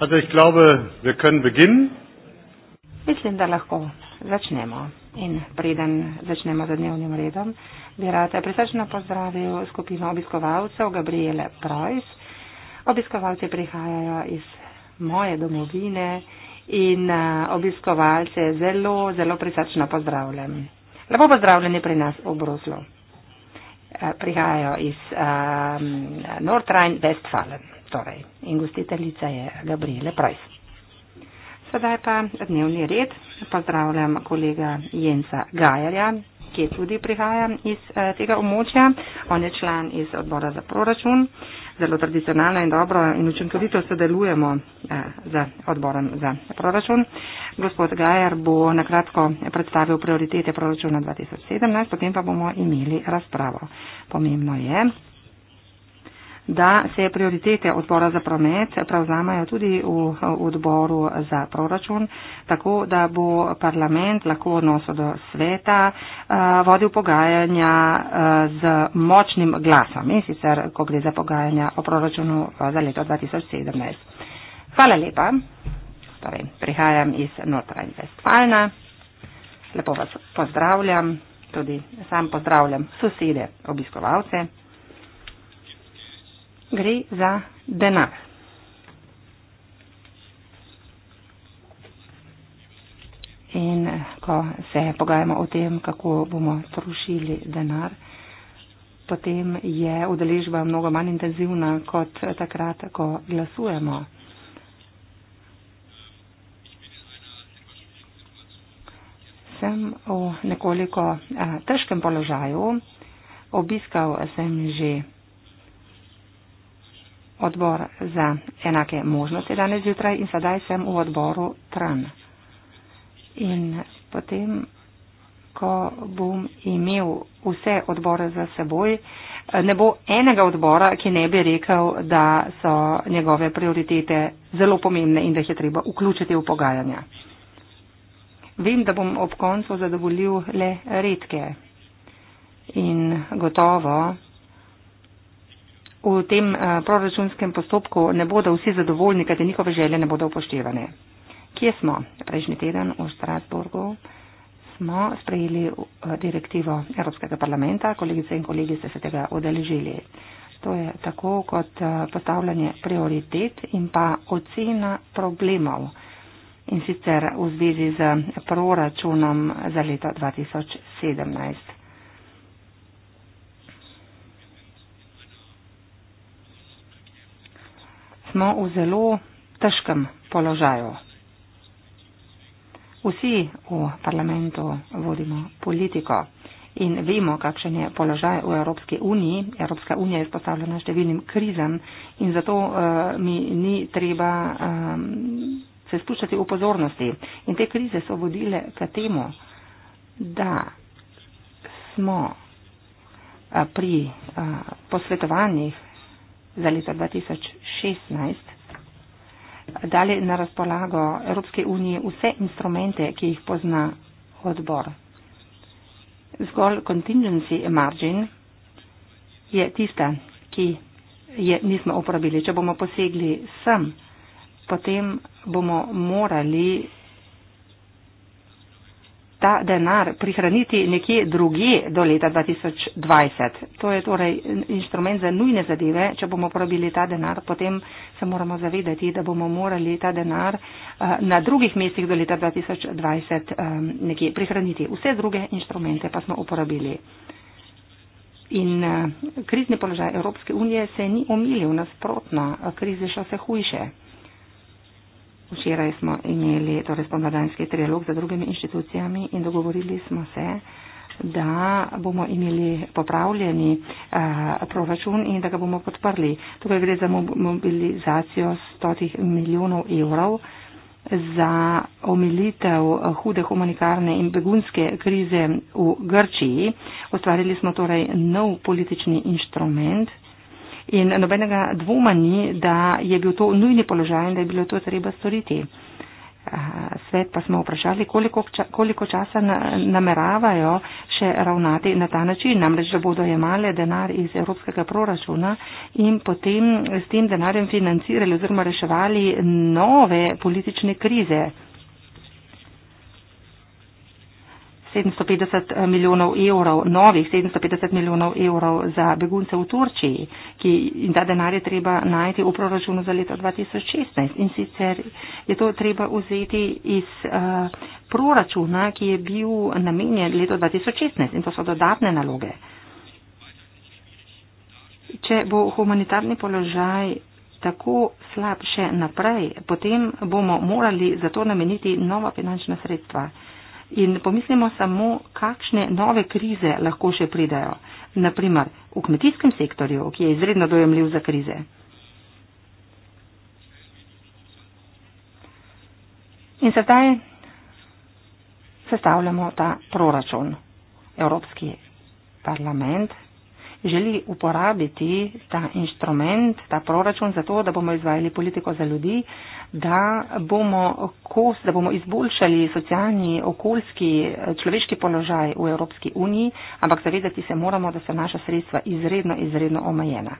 Also ich glaube, wir können beginnen. Mislim, da lahko začnemo. In preden začnemo z dnevnim redom, bi rad prisrčno pozdravil skupino obiskovalcev Gabriele Preuss. Obiskovalci prihajajo iz moje domovine in eh, obiskovalce zelo, zelo prisrčno pozdravljam. Lepo pozdravljeni pri nas v Bruslu. Eh, prihajajo iz um, Nordrhein-Westfalen torej. In gostiteljica je Gabriele Preuss. Sedaj pa dnevni red. Pozdravljam kolega Jensa Gajarja, ki tudi prihaja iz eh, tega območja. On je član iz odbora za proračun. Zelo tradicionalno in dobro in učinkovito sodelujemo eh, z odborom za proračun. Gospod Gajar bo nakratko predstavil prioritete proračuna 2017, potem pa bomo imeli razpravo. Pomembno je, da se prioritete odbora za promet prevzamajo tudi v odboru za proračun, tako da bo parlament lahko odnosu do sveta eh, vodil pogajanja eh, z močnim glasom in sicer, ko gre za pogajanja o proračunu eh, za leto 2017. Hvala lepa. Torej, prihajam iz Notranj-Vestfalna. Lepo vas pozdravljam, tudi sam pozdravljam sosede, obiskovalce gre za denar. In ko se pogajamo o tem, kako bomo trošili denar, potem je udeležba mnogo manj intenzivna kot takrat, ko glasujemo. Sem v nekoliko eh, težkem položaju, obiskal sem že odbor za enake možnosti danes zjutraj in sedaj sem v odboru TRAN. In potem, ko bom imel vse odbore za seboj, ne bo enega odbora, ki ne bi rekel, da so njegove prioritete zelo pomembne in da jih je treba vključiti v pogajanja. Vem, da bom ob koncu zadovoljil le redke in gotovo v tem eh, proračunskem postopku ne bodo vsi zadovoljni, kajti njihove želje ne bodo upoštevane. Kje smo? Prejšnji teden v Strasburgu smo sprejeli eh, direktivo Evropskega parlamenta, kolegice in kolegi ste se tega odeležili. To je tako kot eh, postavljanje prioritet in pa ocena problemov in sicer v zvezi z proračunom za leto 2017. smo v zelo težkem položaju. Vsi v parlamentu vodimo politiko in vemo, kakšen je položaj v Evropski uniji. Evropska unija je izpostavljena številnim krizam in zato uh, mi ni treba um, se spuščati v pozornosti. In te krize so vodile k temu, da smo uh, pri uh, posvetovanjih za leto 2016 dali na razpolago Evropske unije vse instrumente, ki jih pozna odbor. Zgolj contingency margin je tista, ki je nismo uporabili. Če bomo posegli sem, potem bomo morali ta denar prihraniti nekje druge do leta 2020. To je torej inštrument za nujne zadeve. Če bomo porabili ta denar, potem se moramo zavedati, da bomo morali ta denar eh, na drugih mestih do leta 2020 eh, nekje prihraniti. Vse druge inštrumente pa smo uporabili. In eh, krizni položaj Evropske unije se ni omilil nasprotno, krize še se hujše. Včeraj smo imeli torej spomladanski trialog z drugimi inštitucijami in dogovorili smo se, da bomo imeli popravljeni a, eh, proračun in da ga bomo podprli. Tukaj gre za mobilizacijo 100 milijonov evrov za omilitev eh, hude humanitarne in begunske krize v Grčiji. Ostvarili smo torej nov politični inštrument in nobenega dvoma ni, da je bil to nujni položaj in da je bilo to treba storiti. Eh, svet pa smo vprašali, koliko, ča, koliko časa na, nameravajo še ravnati na ta način, namreč, da bodo jemale denar iz evropskega proračuna in potem s tem denarjem financirali oziroma reševali nove politične krize. 750 eh, milijonov evrov, novih 750 milijonov evrov za begunce v Turčiji, ki in ta denar je treba najti v proračunu za leto 2016. In sicer je to treba vzeti iz uh, proračuna, ki je bil namenjen leto 2016 in to so dodatne naloge. Če bo humanitarni položaj tako slab še naprej, potem bomo morali za to nameniti nova finančna sredstva. In pomislimo samo, kakšne nove krize lahko še pridajo. Naprimer, v kmetijskem sektorju, ki je izredno dojemljiv za krize. In sedaj sestavljamo ta proračun. Evropski parlament želi uporabiti ta inštrument, ta proračun za to, da bomo izvajali politiko za ljudi, da bomo, kos, da bomo izboljšali socialni, okoljski, človeški položaj v Evropski uniji, ampak zavedati se moramo, da so naša sredstva izredno, izredno omejena.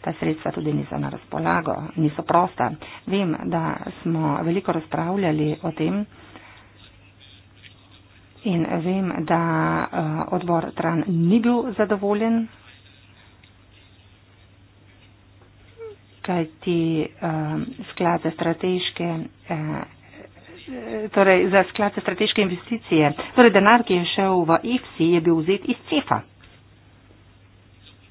Ta sredstva tudi niso na razpolago, niso prosta. Vem, da smo veliko razpravljali o tem. In vem, da eh, odbor Tran ni bil zadovoljen kajti uh, sklad za strateške. Uh, torej za sklad za strateške investicije. Torej denar, ki je šel v IFSI, je bil vzet iz CEFA.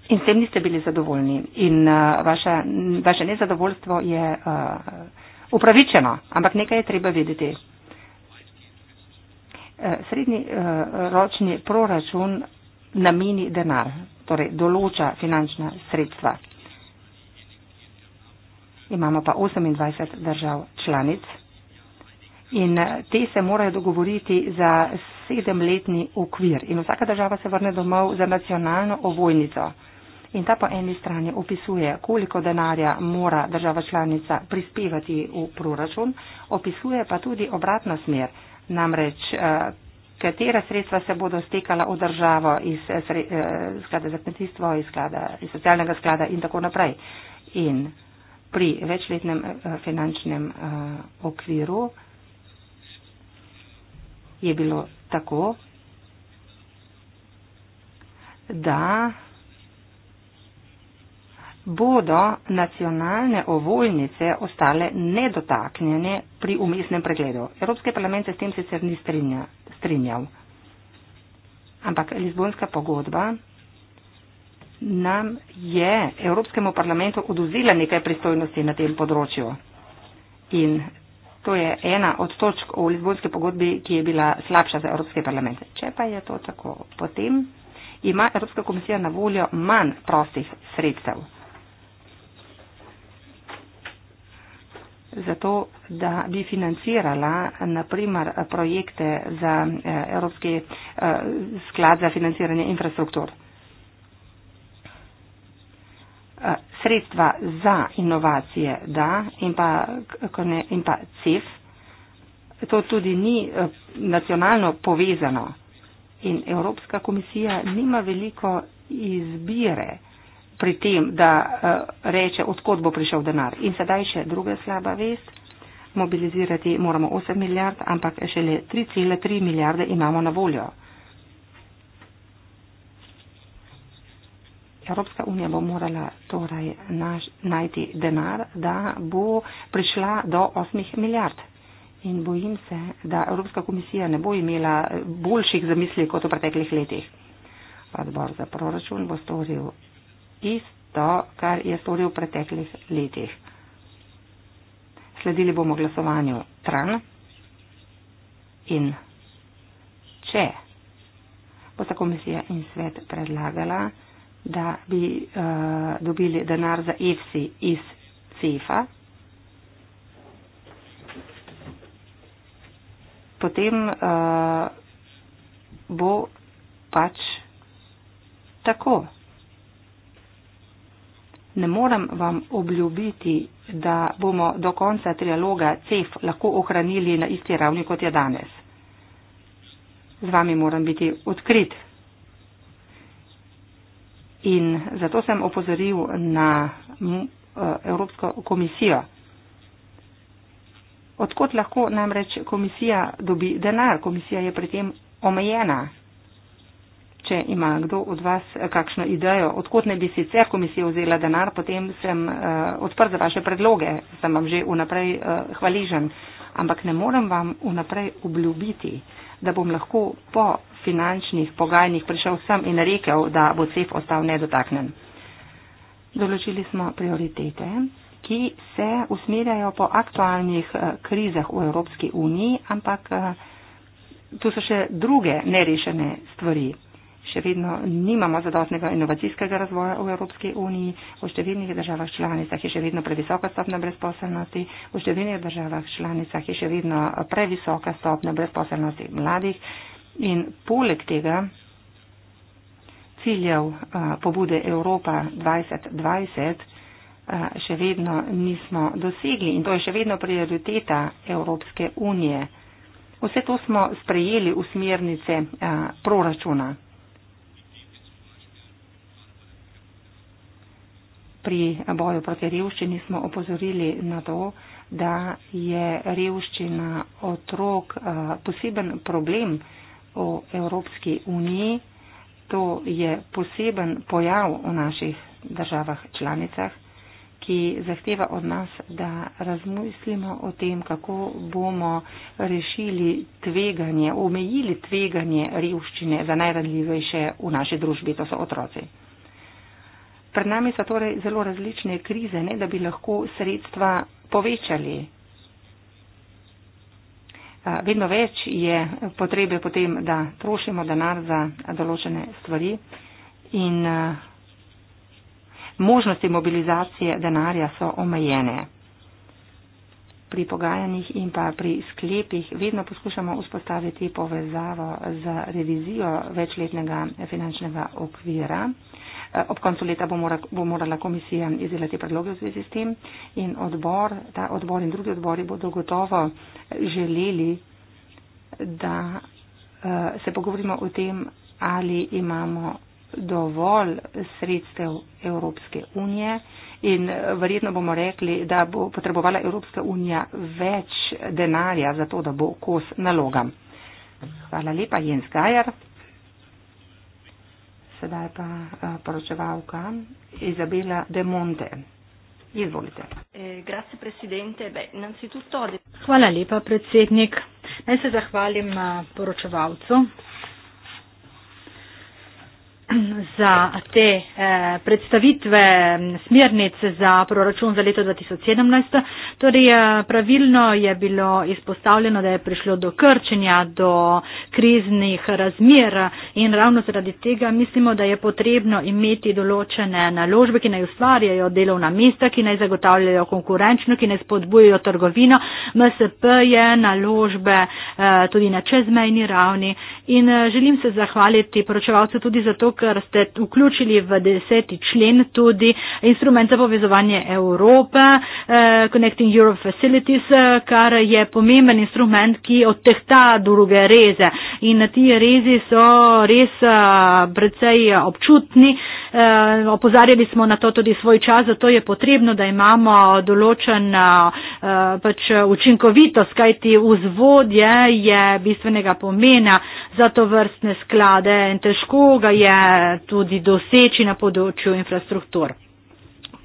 In s tem niste bili zadovoljni. In uh, vaša, vaše nezadovoljstvo je uh, upravičeno, ampak nekaj je treba vedeti. Uh, srednji uh, ročni proračun namini denar, torej določa finančna sredstva imamo pa 28 držav članic in eh, te se morajo dogovoriti za sedemletni okvir in vsaka država se vrne domov za nacionalno ovojnico. In ta po eni strani opisuje, koliko denarja mora država članica prispevati v proračun, opisuje pa tudi obratno smer, namreč eh, katera sredstva se bodo stekala v državo iz eh, sklada za kmetijstvo, iz, sklada, iz socialnega sklada in tako naprej. In pri večletnem eh, finančnem eh, okviru je bilo tako, da bodo nacionalne ovojnice ostale nedotaknjene pri umestnem pregledu. Evropski parlament se s tem sicer ni strinja, strinjal. Ampak Lizbonska pogodba nam je Evropskemu parlamentu oduzela nekaj pristojnosti na tem področju. In to je ena od točk v Lizbonski pogodbi, ki je bila slabša za Evropski parlament. Če pa je to tako, potem ima Evropska komisija na voljo manj prostih sredstev. Zato, da bi financirala naprimer projekte za eh, Evropski eh, sklad za financiranje infrastrukture. sredstva za inovacije, da, in pa, ne, in pa CEF, to tudi ni eh, nacionalno povezano. In Evropska komisija nima veliko izbire pri tem, da eh, reče, odkot bo prišel denar. In sedaj še druga slaba vest. Mobilizirati moramo 8 milijard, ampak šele 3,3 milijarde imamo na voljo. Evropska unija bo morala torej naš, najti denar, da bo prišla do 8 milijard. In bojim se, da Evropska komisija ne bo imela boljših zamisli kot v preteklih letih. Odbor za proračun bo storil isto, kar je storil v preteklih letih. Sledili bomo glasovanju tran in če bo sta komisija in svet predlagala, da bi uh, dobili denar za EFSI iz CEFA. Potem uh, bo pač tako. Ne morem vam obljubiti, da bomo do konca trialoga CEF lahko ohranili na isti ravni, kot je danes. Z vami moram biti odkrit. In zato sem opozoril na e, Evropsko komisijo. Odkot lahko namreč komisija dobi denar? Komisija je pri tem omejena. Če ima kdo od vas kakšno idejo, odkot ne bi sicer komisija vzela denar, potem sem uh, odprt za vaše predloge, sem vam že vnaprej uh, hvaležen. Ampak ne morem vam vnaprej obljubiti, da bom lahko po finančnih pogajnih prišel sem in rekel, da bo CEF ostal nedotaknen. Določili smo prioritete, ki se usmerjajo po aktualnih eh, krizah v Evropski uniji, ampak eh, tu so še druge nerešene stvari. Še vedno nimamo zadostnega inovacijskega razvoja v Evropski uniji, v številnih državah članicah je še vedno previsoka stopna brezposelnosti, v številnih državah članicah je še vedno previsoka stopna brezposelnosti mladih. In poleg tega ciljev a, pobude Evropa 2020 a, še vedno nismo dosegli in to je še vedno prioriteta Evropske unije. Vse to smo sprejeli v smernice a, proračuna. Pri boju proti revščini smo opozorili na to, da je revščina otrok a, poseben problem. A, o Evropski uniji. To je poseben pojav v naših državah članicah, ki zahteva od nas, da razmislimo o tem, kako bomo rešili tveganje, omejili tveganje revščine za najranljivejše v naši družbi, to so otroci. Pred nami so torej zelo različne krize, ne da bi lahko sredstva povečali vedno več je potrebe potem, da trošimo denar za določene stvari in možnosti mobilizacije denarja so omejene. Pri pogajanjih in pa pri sklepih vedno poskušamo vzpostaviti povezavo z revizijo večletnega finančnega okvira. Eh, ob koncu leta bo, mora, bo morala komisija izdelati predloge v zvezi s tem in odbor, ta odbor in drugi odbori bodo gotovo želeli, da uh, se pogovorimo o tem, ali imamo dovolj sredstev Evropske unije in eh, verjetno bomo rekli, da bo potrebovala Evropska unija več denarja za to, da bo kos nalogam. Hvala lepa, Jens Gajar. Sedaj pa eh, poročevalka Izabela De Monte. Izvolite. Eh, Hvala lepa, predsednik. Naj se zahvalim eh, poročevalcu za te eh, predstavitve mm, smernic za proračun za leto 2017. Torej, eh, pravilno je bilo izpostavljeno, da je prišlo do krčenja, do kriznih razmer in ravno zaradi tega mislimo, da je potrebno imeti določene naložbe, ki naj ustvarjajo delovna mesta, ki naj zagotavljajo konkurenčno, ki naj spodbujajo trgovino. MSP je naložbe eh, tudi na čezmejni ravni in želim se zahvaliti poročevalcu tudi zato, ker kar ste vključili v deseti člen tudi instrument za povezovanje Evrope, eh, Connecting Europe Facilities, eh, kar je pomemben instrument, ki odtehta druge reze. In ti rezi so res eh, precej občutni. Eh, opozarjali smo na to tudi svoj čas, zato je potrebno, da imamo določen eh, eh pač učinkovitost, kajti vzvodje je bistvenega pomena. Eh, za to vrstne sklade in težko ga je tudi doseči na področju infrastruktur.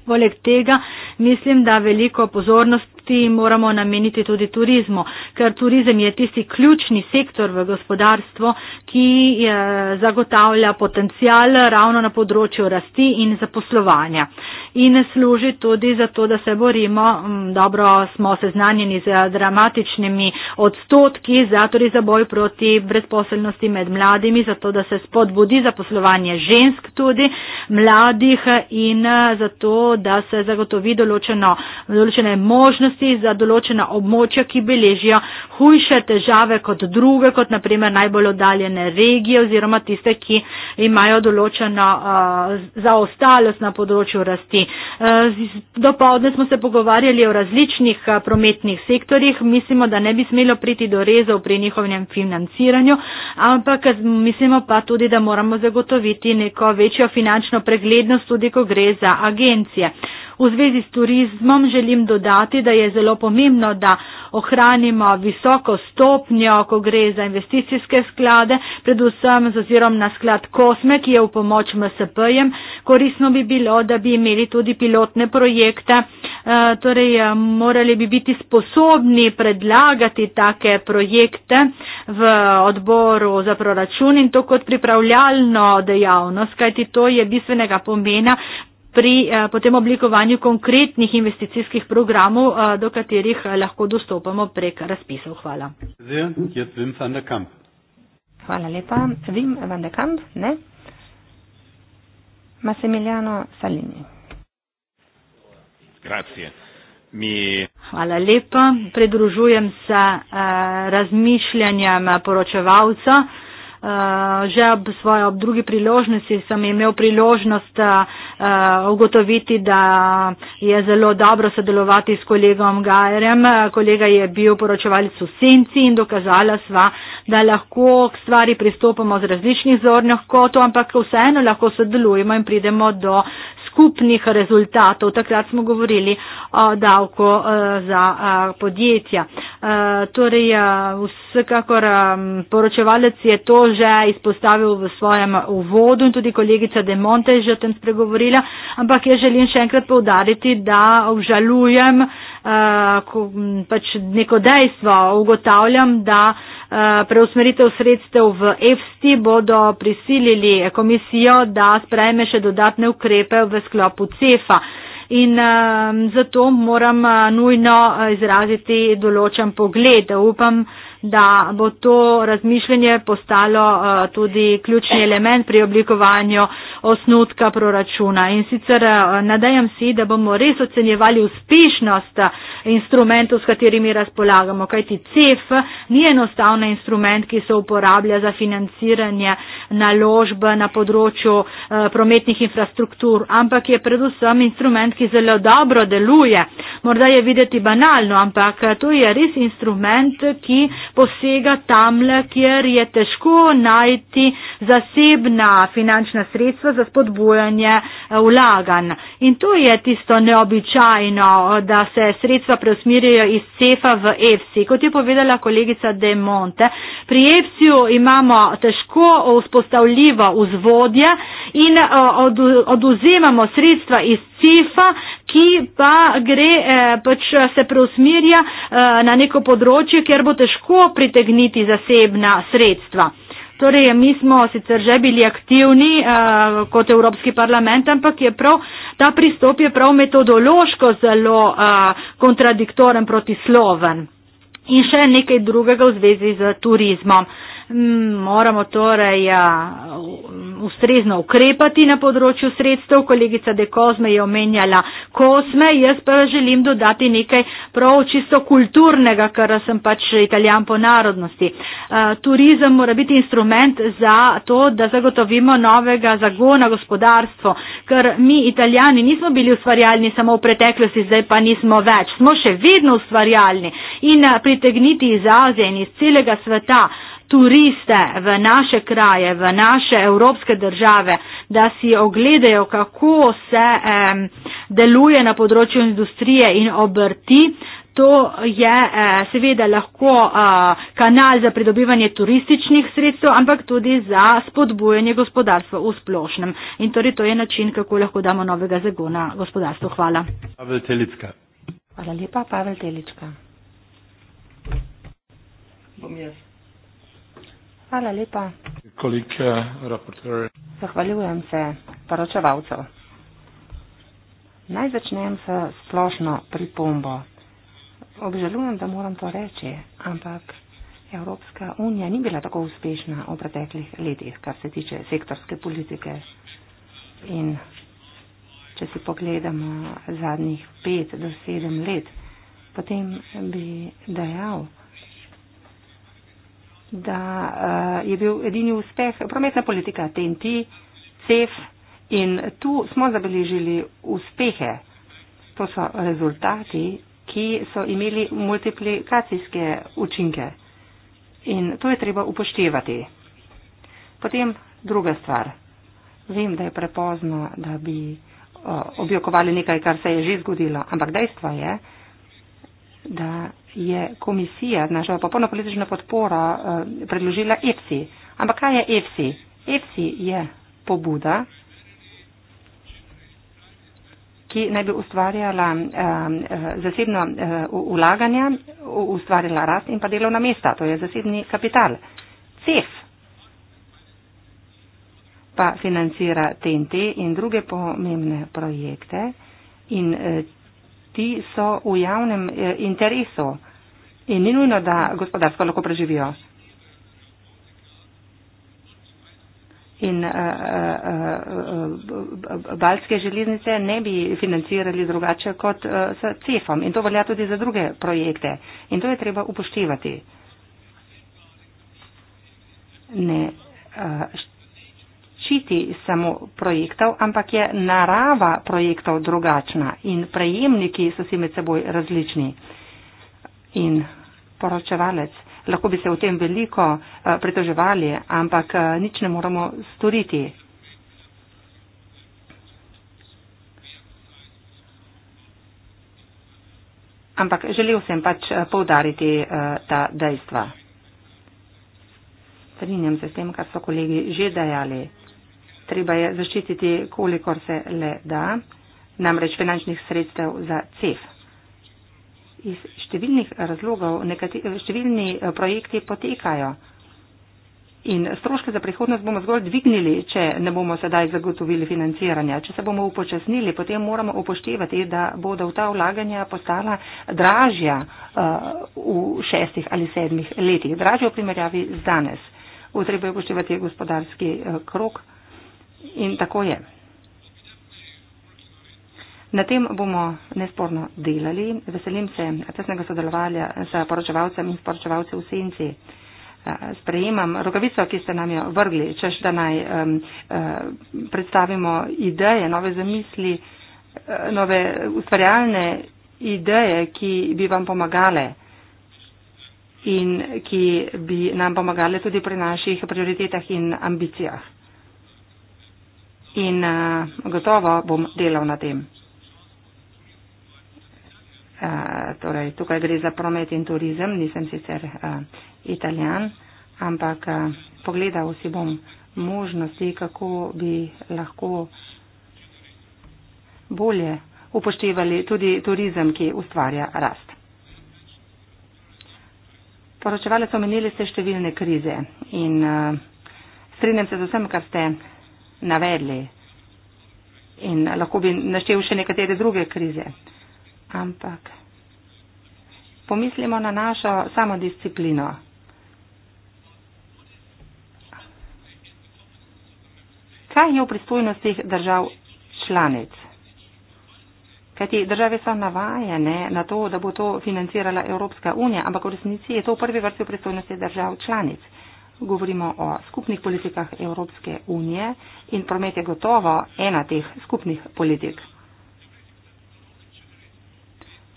Poleg tega mislim, da veliko pozornost projekti moramo nameniti tudi turizmu, ker turizem je tisti ključni sektor v gospodarstvu, ki eh, zagotavlja potencijal ravno na področju rasti in zaposlovanja. In služi tudi za to, da se borimo, mm, dobro smo seznanjeni z dramatičnimi odstotki, zato tudi za boj proti brezposelnosti med mladimi, zato da se spodbudi zaposlovanje žensk tudi, mladih in eh, zato, da se zagotovi določene možnosti, varnosti za določena območja, ki beležijo hujše težave kot druge, kot naprimer najbolj oddaljene regije oziroma tiste, ki imajo določeno eh, zaostalost na področju rasti. Eh, Dopovdne smo se pogovarjali o različnih eh, prometnih sektorjih. Mislimo, da ne bi smelo priti do rezov pri njihovem financiranju, ampak mislimo pa tudi, da moramo zagotoviti neko večjo finančno preglednost, tudi ko gre za agencije. V zvezi s turizmom želim dodati, da je zelo pomembno, da ohranimo visoko stopnjo, ko gre za investicijske sklade, predvsem z ozirom na sklad Kosme, ki je v pomoč MSP-jem. Korisno bi bilo, da bi imeli tudi pilotne projekte, eh, torej eh, morali bi biti sposobni predlagati take projekte v odboru za proračun in to kot pripravljalno dejavnost, kajti to je bistvenega pomena, pri eh, potem oblikovanju konkretnih investicijskih programov, eh, do katerih eh, lahko dostopamo prek razpisov. Hvala. Hvala lepa. Vim van der Kamp, ne? Massimiliano Salini. Grazie. Mi... Hvala lepa. Pridružujem se razmišljanjem poročevalca. Že ob svoji ob drugi priložnosti sem imel priložnost. A, Eh, ugotoviti, da je zelo dobro sodelovati s kolegom Gajerem. Kolega je bil poročevalec v Senci in dokazala sva, da lahko k stvari pristopamo z različnih zornjih kotov, ampak vseeno lahko sodelujemo in pridemo do skupnih rezultatov. Takrat smo govorili o davku eh, za eh, podjetja. Eh, torej, vsekakor poročevalec je to že izpostavil v svojem uvodu in tudi kolegica De Monte je že o tem spregovorila, ampak jaz želim še enkrat povdariti, da obžalujem pač neko dejstvo, ugotavljam, da Eh, preusmeritev sredstev v EFSTI bodo prisilili komisijo, da sprejme še dodatne ukrepe v sklopu CEFA. In um, zato moram uh, nujno eh, izraziti določen pogled. Upam, uh, da bo to razmišljanje postalo eh, tudi ključni element pri oblikovanju osnutka proračuna. In sicer eh, nadajam si, da bomo res ocenjevali uspešnost eh, instrumentov, s katerimi razpolagamo, kajti CEF ni enostavna instrument, ki se uporablja za financiranje naložb na področju prometnih infrastruktur, ampak je predvsem instrument, ki zelo dobro deluje. Morda je videti banalno, ampak to je res instrument, ki posega tamle, kjer je težko najti zasebna finančna sredstva za spodbojanje eh, vlaganj. In to je tisto neobičajno, da se sredstva preusmirjajo iz CEFA v EFSI. Kot je povedala kolegica De Monte, pri EFSI-ju imamo težko vzpostavljivo vzvodje in eh, oduzemamo sredstva iz Cefa, ki pa gre, eh, pač eh, se preusmerja eh, na neko področje, kjer bo težko pritegniti zasebna sredstva. Torej, mi smo sicer že bili aktivni eh, kot Evropski parlament, ampak je prav, ta pristop je prav metodološko zelo eh, kontradiktoren, protisloven. In še nekaj drugega v zvezi z turizmom. Eh, moramo torej ja, ustrezno ukrepati na področju sredstev. Kolegica De Kozme je omenjala kosme, jaz pa želim dodati nekaj prav čisto kulturnega, ker sem pač italijan po narodnosti. Eh, turizem mora biti instrument za to, da zagotovimo novega zagona gospodarstvo, ker mi italijani nismo bili ustvarjalni samo v preteklosti, zdaj pa nismo več. Smo še vedno ustvarjalni in eh, pritegniti iz Azije in iz celega sveta turiste v naše kraje, v naše evropske države, da si ogledajo, kako se um, deluje na področju industrije in obrti. To je eh, seveda lahko eh, kanal za pridobivanje turističnih sredstev, ampak tudi za spodbujanje gospodarstva v splošnem. In torej to je način, kako lahko damo novega zagona gospodarstvu. Hvala. Pavel Telicka. Hvala lepa, Pavel Telicka. Bom jaz. Hvala lepa. Kolike eh, raporter. Zahvaljujem se poročevalcu. Naj začnem s splošno pripombo. Obžalujem, da moram to reči, ampak Evropska unija ni bila tako uspešna v preteklih letih, kar se tiče sektorske politike. In če si pogledamo zadnjih pet do sedem let, potem bi dejal, da uh, je bil edini uspeh prometna politika TNT, CEF in tu smo zabeležili uspehe. To so rezultati, ki so imeli multiplikacijske učinke in to je treba upoštevati. Potem druga stvar. Vem, da je prepozno, da bi uh, objokovali nekaj, kar se je že zgodilo, ampak dejstvo je, da je komisija z našo popolno politično podporo eh, predložila EFSI. Ampak kaj je EFSI? EFSI je pobuda, ki naj bi ustvarjala eh, eh, zasebno ulaganje, ustvarjala rast in pa delovna mesta. To je zasebni kapital. CEF pa financira TNT in druge pomembne projekte. In ti so v javnem eh, interesu in ni nujno, da gospodarsko lahko preživijo. In eh, eh, balske železnice ne bi financirali drugače kot s CEF-om. In to velja tudi za druge projekte. In to je treba upoštevati. Ne, ščiti samo projektov, ampak je narava projektov drugačna in prejemniki so si med seboj različni. In poročevalec, lahko bi se o tem veliko eh, pritoževali, ampak eh, nič ne moramo storiti. Ampak želel sem pač eh, povdariti ta dejstva. Strinjam se s tem, kar so kolegi že dejali treba je zaščititi, kolikor se le da, namreč finančnih sredstev za CEF. Iz številnih razlogov nekati, številni eh, projekti potekajo in stroške za prihodnost bomo zgolj dvignili, če ne bomo sedaj zagotovili financiranja. Če se bomo upočasnili, potem moramo upoštevati, da bodo ta vlaganja postala dražja uh, v šestih ali sedmih letih, dražja v primerjavi z danes. Treba je upoštevati gospodarski uh, eh, krok. In tako je. Na tem bomo nesporno delali. Veselim se tesnega sodelovanja s poročevalcem in poročevalcem v senci. Sprejemam rogavico, ki ste nam jo vrgli, češ da naj um, predstavimo ideje, nove zamisli, e, nove ustvarjalne ideje, ki bi vam pomagale in ki bi nam pomagale tudi pri naših prioritetah in ambicijah in eh, gotovo bom delal na tem. Eh, torej, tukaj gre za promet in turizem, nisem sicer eh, italijan, ampak pogledal si bom možnosti, kako bi lahko bolje upoštevali tudi turizem, ki ustvarja rast. Poročevalec omenili ste številne krize in strinjam se z vsem, kar ste navedli. In lahko bi naštel še nekatere druge krize. Ampak pomislimo na našo samodisciplino. Kaj je v pristojnostih držav članic? Kajti države so navajene na to, da bo to financirala Evropska unija, ampak v resnici je to v prvi vrsti v pristojnosti držav članic govorimo o skupnih politikah Evropske unije in promet je gotovo ena teh skupnih politik.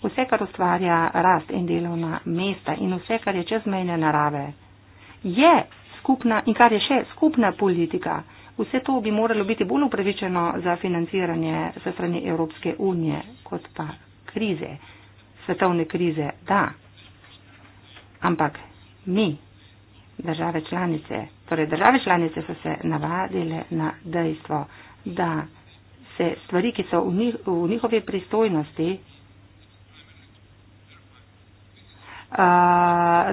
Vse, kar ustvarja rast in delovna mesta in vse, kar je čezmejne narave, je skupna in kar je še skupna politika. Vse to bi moralo biti bolj upravičeno za financiranje se strani Evropske unije kot pa krize, svetovne krize, da. Ampak mi države članice. Torej, države članice so se navadile na dejstvo, da se stvari, ki so v, njih, v njihovi pristojnosti, Uh,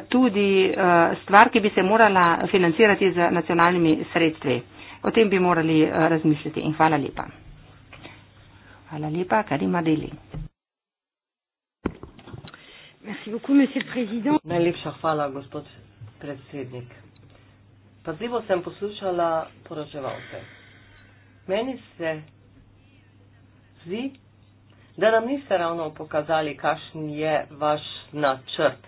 tudi uh, stvar, ki bi se morala financirati z nacionalnimi sredstvi. O tem bi morali uh, razmisliti in hvala lepa. Hvala lepa, Karima Deli. Najlepša hvala, gospod predsednik. Pazljivo sem poslušala poročevalce. Meni se zdi, da nam niste ravno pokazali, kakšen je vaš načrt.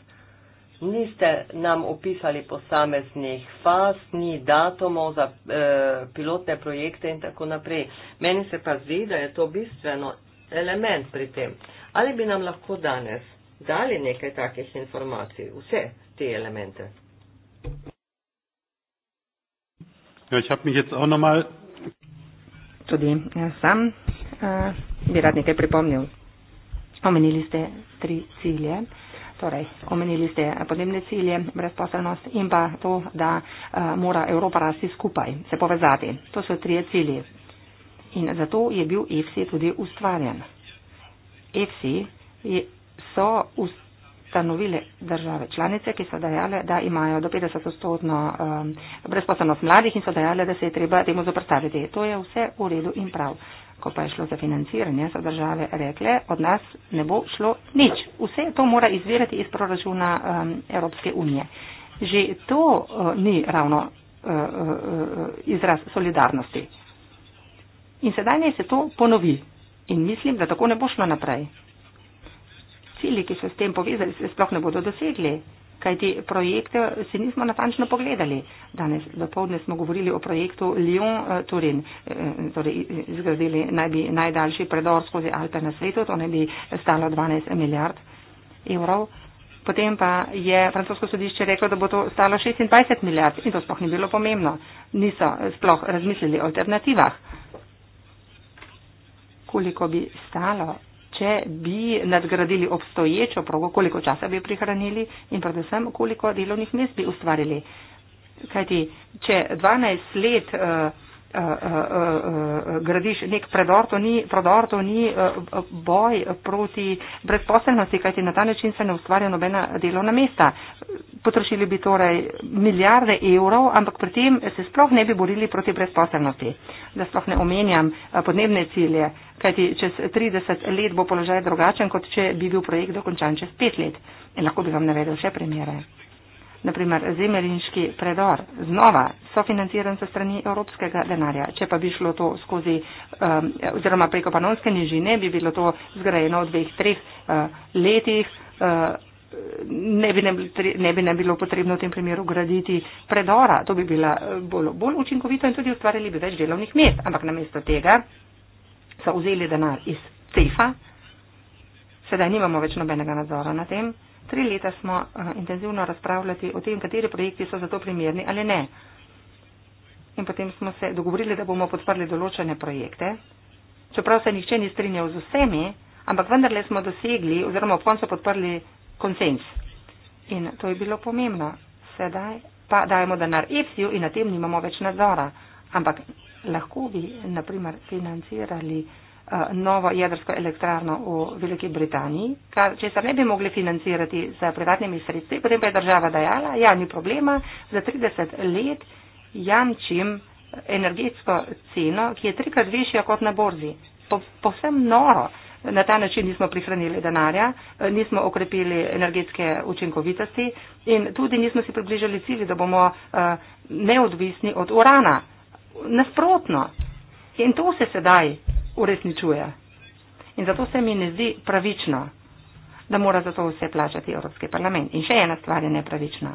Niste nam opisali posameznih faz, ni datumov za eh, pilotne projekte in tako naprej. Meni se pa zdi, da je to bistveno element pri tem. Ali bi nam lahko danes dali nekaj takih informacij, vse te elemente? Ja, ich habe mich jetzt auch nochmal. Tudi sam uh, bi rad nekaj pripomnil. Omenili ste tri cilje, torej omenili ste podnebne cilje, brezposelnost in pa to, da uh, mora Evropa rasti skupaj, se povezati. To so tri cilje. In zato je bil EFSI tudi ustvarjen. EFSI so ustvarjen ustanovili države članice, ki so dejale, da imajo do 50 odstotno um, brezposobnost mladih in so dejale, da se je treba temu zoprstaviti. To je vse v redu in prav. Ko pa je šlo za financiranje, so države rekle, od nas ne bo šlo nič. Vse to mora izvirati iz proračuna um, Evropske unije. Že to uh, ni ravno uh, uh, izraz solidarnosti. In sedaj se to ponovi. In mislim, da tako ne bo šlo naprej cilji, ki so s tem povezali, se sploh ne bodo dosegli, kajti projekte si nismo natančno pogledali. Danes do povdne smo govorili o projektu Lyon-Turin, eh, eh, torej izgradili naj bi najdaljši predor skozi Alpe na svetu, to naj bi stalo 12 milijard evrov. Potem pa je francosko sodišče reklo, da bo to stalo 26 milijard in to sploh ni bilo pomembno. Niso eh, sploh razmislili o alternativah. Koliko bi stalo če bi nadgradili obstoječo progo, koliko časa bi prihranili in predvsem koliko delovnih mest bi ustvarili. Kajti, če 12 let uh, Eh, eh, eh, gradiš nek predor, to ni, predor, to ni boj proti brezposelnosti, kajti na ta način se ne ustvarja nobena delovna mesta. Potrošili bi torej milijarde evrov, ampak pri tem se sploh ne bi borili proti brezposelnosti. Da sploh ne omenjam podnebne cilje, kajti čez 30 let bo položaj drugačen, kot če bi bil projekt dokončan čez 5 let. In lahko bi vam navedel še primere naprimer zemeljinski predor, znova sofinanciran se strani evropskega denarja. Če pa bi šlo to skozi, um, oziroma preko panonske nižine, bi bilo to zgrajeno v dveh, treh uh, letih, uh, ne bi, ne, ne bi ne bilo potrebno v tem primeru graditi predora, to bi bila uh, bolj, bolj učinkovito in tudi ustvarili bi več delovnih mest. Ampak namesto tega so vzeli denar iz CEFA, sedaj nimamo več nobenega nadzora na tem. Tri leta smo eh, intenzivno razpravljali o tem, kateri projekti so za to primerni ali ne. In potem smo se dogovorili, da bomo podprli določene projekte. Čeprav se nihče ni strinjal z vsemi, ampak vendarle smo dosegli oziroma ob koncu podprli konsens. In to je bilo pomembno. Sedaj pa dajemo denar EPSI-ju in na tem nimamo več nadzora. Ampak lahko bi, naprimer, financirali. Eh, novo jedrsko elektrarno v Veliki Britaniji, kar, česar ne bi mogli financirati z privatnimi sredstvi, potem pa je država dajala, ja, ni problema, za 30 let jamčim energetsko ceno, ki je trikrat višja kot na borzi. Po, povsem noro. Na ta način nismo prihranili denarja, eh, nismo okrepili energetske učinkovitosti in tudi nismo si približali cilj, da bomo eh, neodvisni od urana. Nasprotno. In to se sedaj uresničuje. In zato se mi ne zdi pravično, da mora za to vse plačati Evropski parlament. In še ena stvar je nepravična.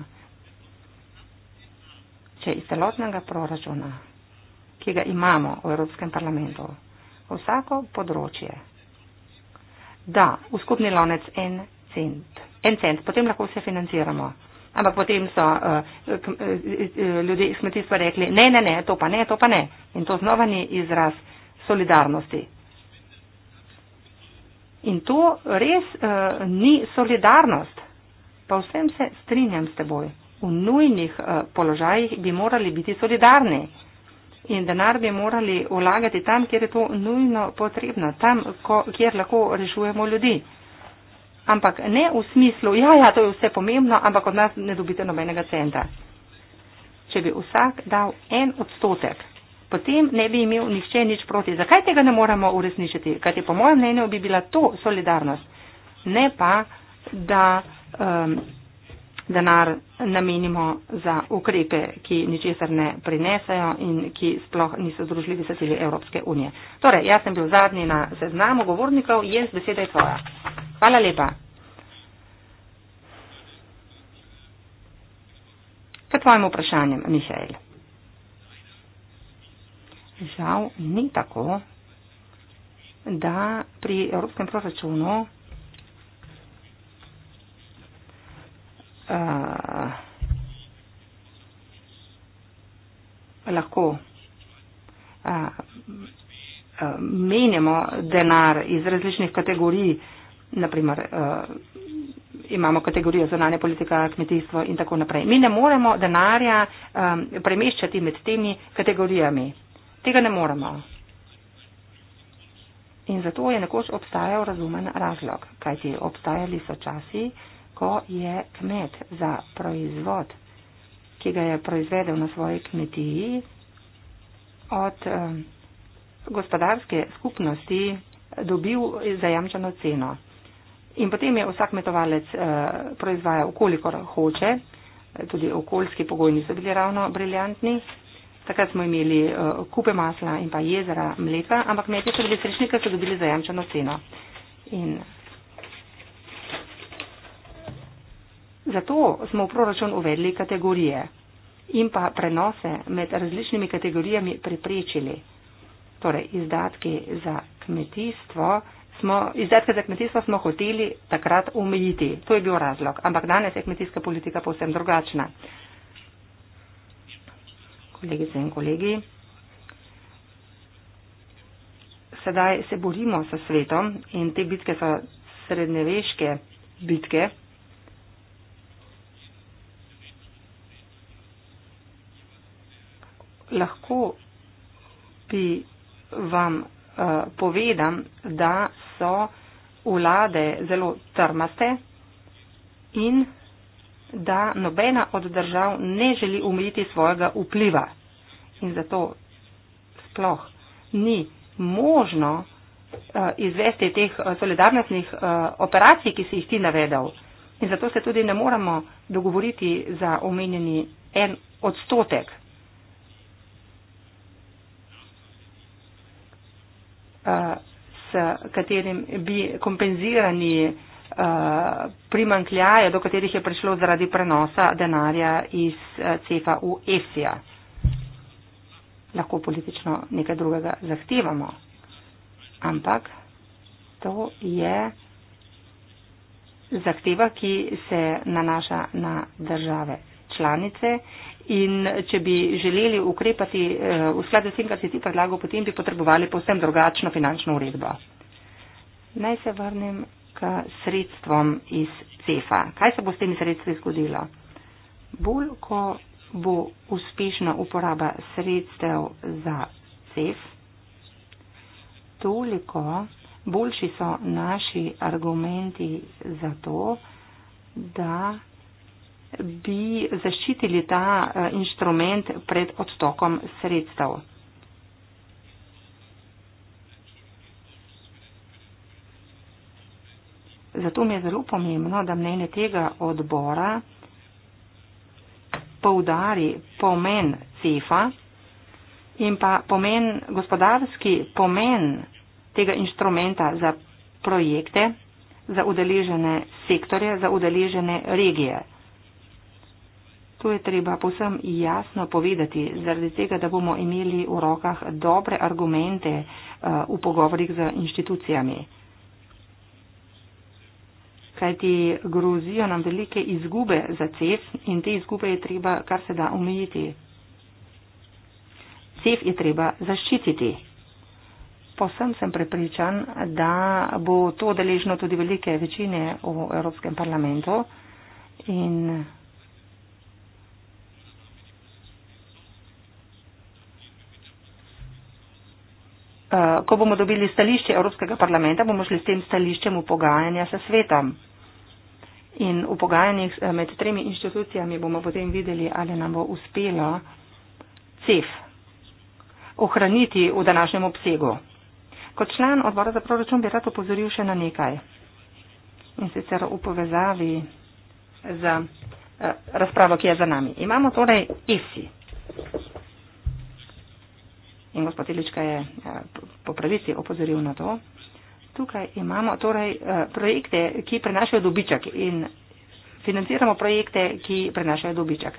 Če iz celotnega proračuna, ki ga imamo v Evropskem parlamentu, vsako področje da v skupni lonec en cent, en cent, potem lahko vse financiramo. Ampak potem so uh, k, uh, ljudje iz kmetijstva rekli, ne, ne, ne, to pa ne, to pa ne. In to znova ni izraz solidarnosti. In to res uh, ni solidarnost. Pa vsem se strinjam s teboj. V nujnih uh, položajih bi morali biti solidarni. In denar bi morali vlagati tam, kjer je to nujno potrebno, tam, ko, kjer lahko rešujemo ljudi. Ampak ne v smislu, ja, ja, to je vse pomembno, ampak od nas ne dobite nobenega centa. Če bi vsak dal en odstotek, potem ne bi imel nihče nič proti. Zakaj tega ne moramo uresničiti? Kaj ti po mojem mnenju bi bila to solidarnost, ne pa, da um, denar namenimo za ukrepe, ki ničesar ne prinesajo in ki sploh niso združljivi s cilji Evropske unije. Torej, jaz sem bil zadnji na seznamu govornikov, jaz beseda je tvoja. Hvala lepa. K tvojemu vprašanju, Mihajl žal ni tako, da pri evropskem proračunu uh, lahko uh, menjamo denar iz različnih kategorij, naprimer uh, imamo kategorijo zonanje politika, kmetijstvo in tako naprej. Mi ne moremo denarja um, premeščati med temi kategorijami. Tega ne moremo. In zato je nekoč obstajal razumen razlog, kajti obstajali so časi, ko je kmet za proizvod, ki ga je proizvedel na svoji kmetiji, od eh, gospodarske skupnosti eh, dobil zajamčeno ceno. In potem je vsak kmetovalec eh, proizvajal, kolikor hoče, tudi okoljski pogoji niso bili ravno briljantni. Takrat smo imeli uh, kupe masla in pa jezera mleka, ampak kmetje so bili srečni, ker so dobili zajamčeno ceno. In zato smo v proračun uvedli kategorije in pa prenose med različnimi kategorijami preprečili. Torej, izdatke za kmetijstvo smo, izdatke za kmetijstvo smo hoteli takrat omejiti. To je bil razlog. Ampak danes je kmetijska politika povsem drugačna kolegice in kolegi. Sedaj se borimo s svetom in te bitke so srednjeveške bitke. Lahko bi vam uh, eh, povedal, da so vlade zelo trmaste in da nobena od držav ne želi umiti svojega vpliva. In zato sploh ni možno eh, izvesti teh eh, solidarnostnih eh, operacij, ki si jih ti navedel. In zato se tudi ne moramo dogovoriti za omenjeni en odstotek. s katerim bi kompenzirani Eh, primankljaje, do katerih je prišlo zaradi prenosa denarja iz eh, CEFA v ESIA. Lahko politično nekaj drugega zahtevamo, ampak to je zahteva, ki se nanaša na države članice. In če bi želeli ukrepati eh, v skladu s tem, kar si ti predlagal, potem bi potrebovali povsem drugačno finančno uredbo. Naj se vrnem k sredstvom iz CEFA. Kaj se bo s temi sredstvi zgodilo? Bolj, ko bo uspešna uporaba sredstev za CEF, toliko boljši so naši argumenti za to, da bi zaščitili ta eh, inštrument pred odtokom sredstev. Zato mi je zelo pomembno, da mnenje tega odbora poudari pomen CEFA in pa pomen, gospodarski pomen tega inštrumenta za projekte, za udeležene sektorje, za udeležene regije. To je treba posem jasno povedati, zaradi tega, da bomo imeli v rokah dobre argumente uh, v pogovorih z inštitucijami kajti grozijo nam velike izgube za CEF in te izgube je treba kar se da omejiti. CEF je treba zaščititi. Posem sem prepričan, da bo to deležno tudi velike večine v Evropskem parlamentu in eh, Ko bomo dobili stališče Evropskega parlamenta, bomo šli s tem stališčem v pogajanja s svetom. In v pogajanjih eh, med tremi inštitucijami bomo potem videli, ali nam bo uspelo CEF ohraniti v današnjem obsegu. Kot član odbora za proračun bi rad upozoril še na nekaj. In sicer v povezavi z eh, razpravo, ki je za nami. Imamo torej ESI. In gospod Ilička je eh, po pravici opozoril na to, tukaj imamo torej eh, projekte, ki prenašajo dobiček in financiramo projekte, ki prenašajo dobiček.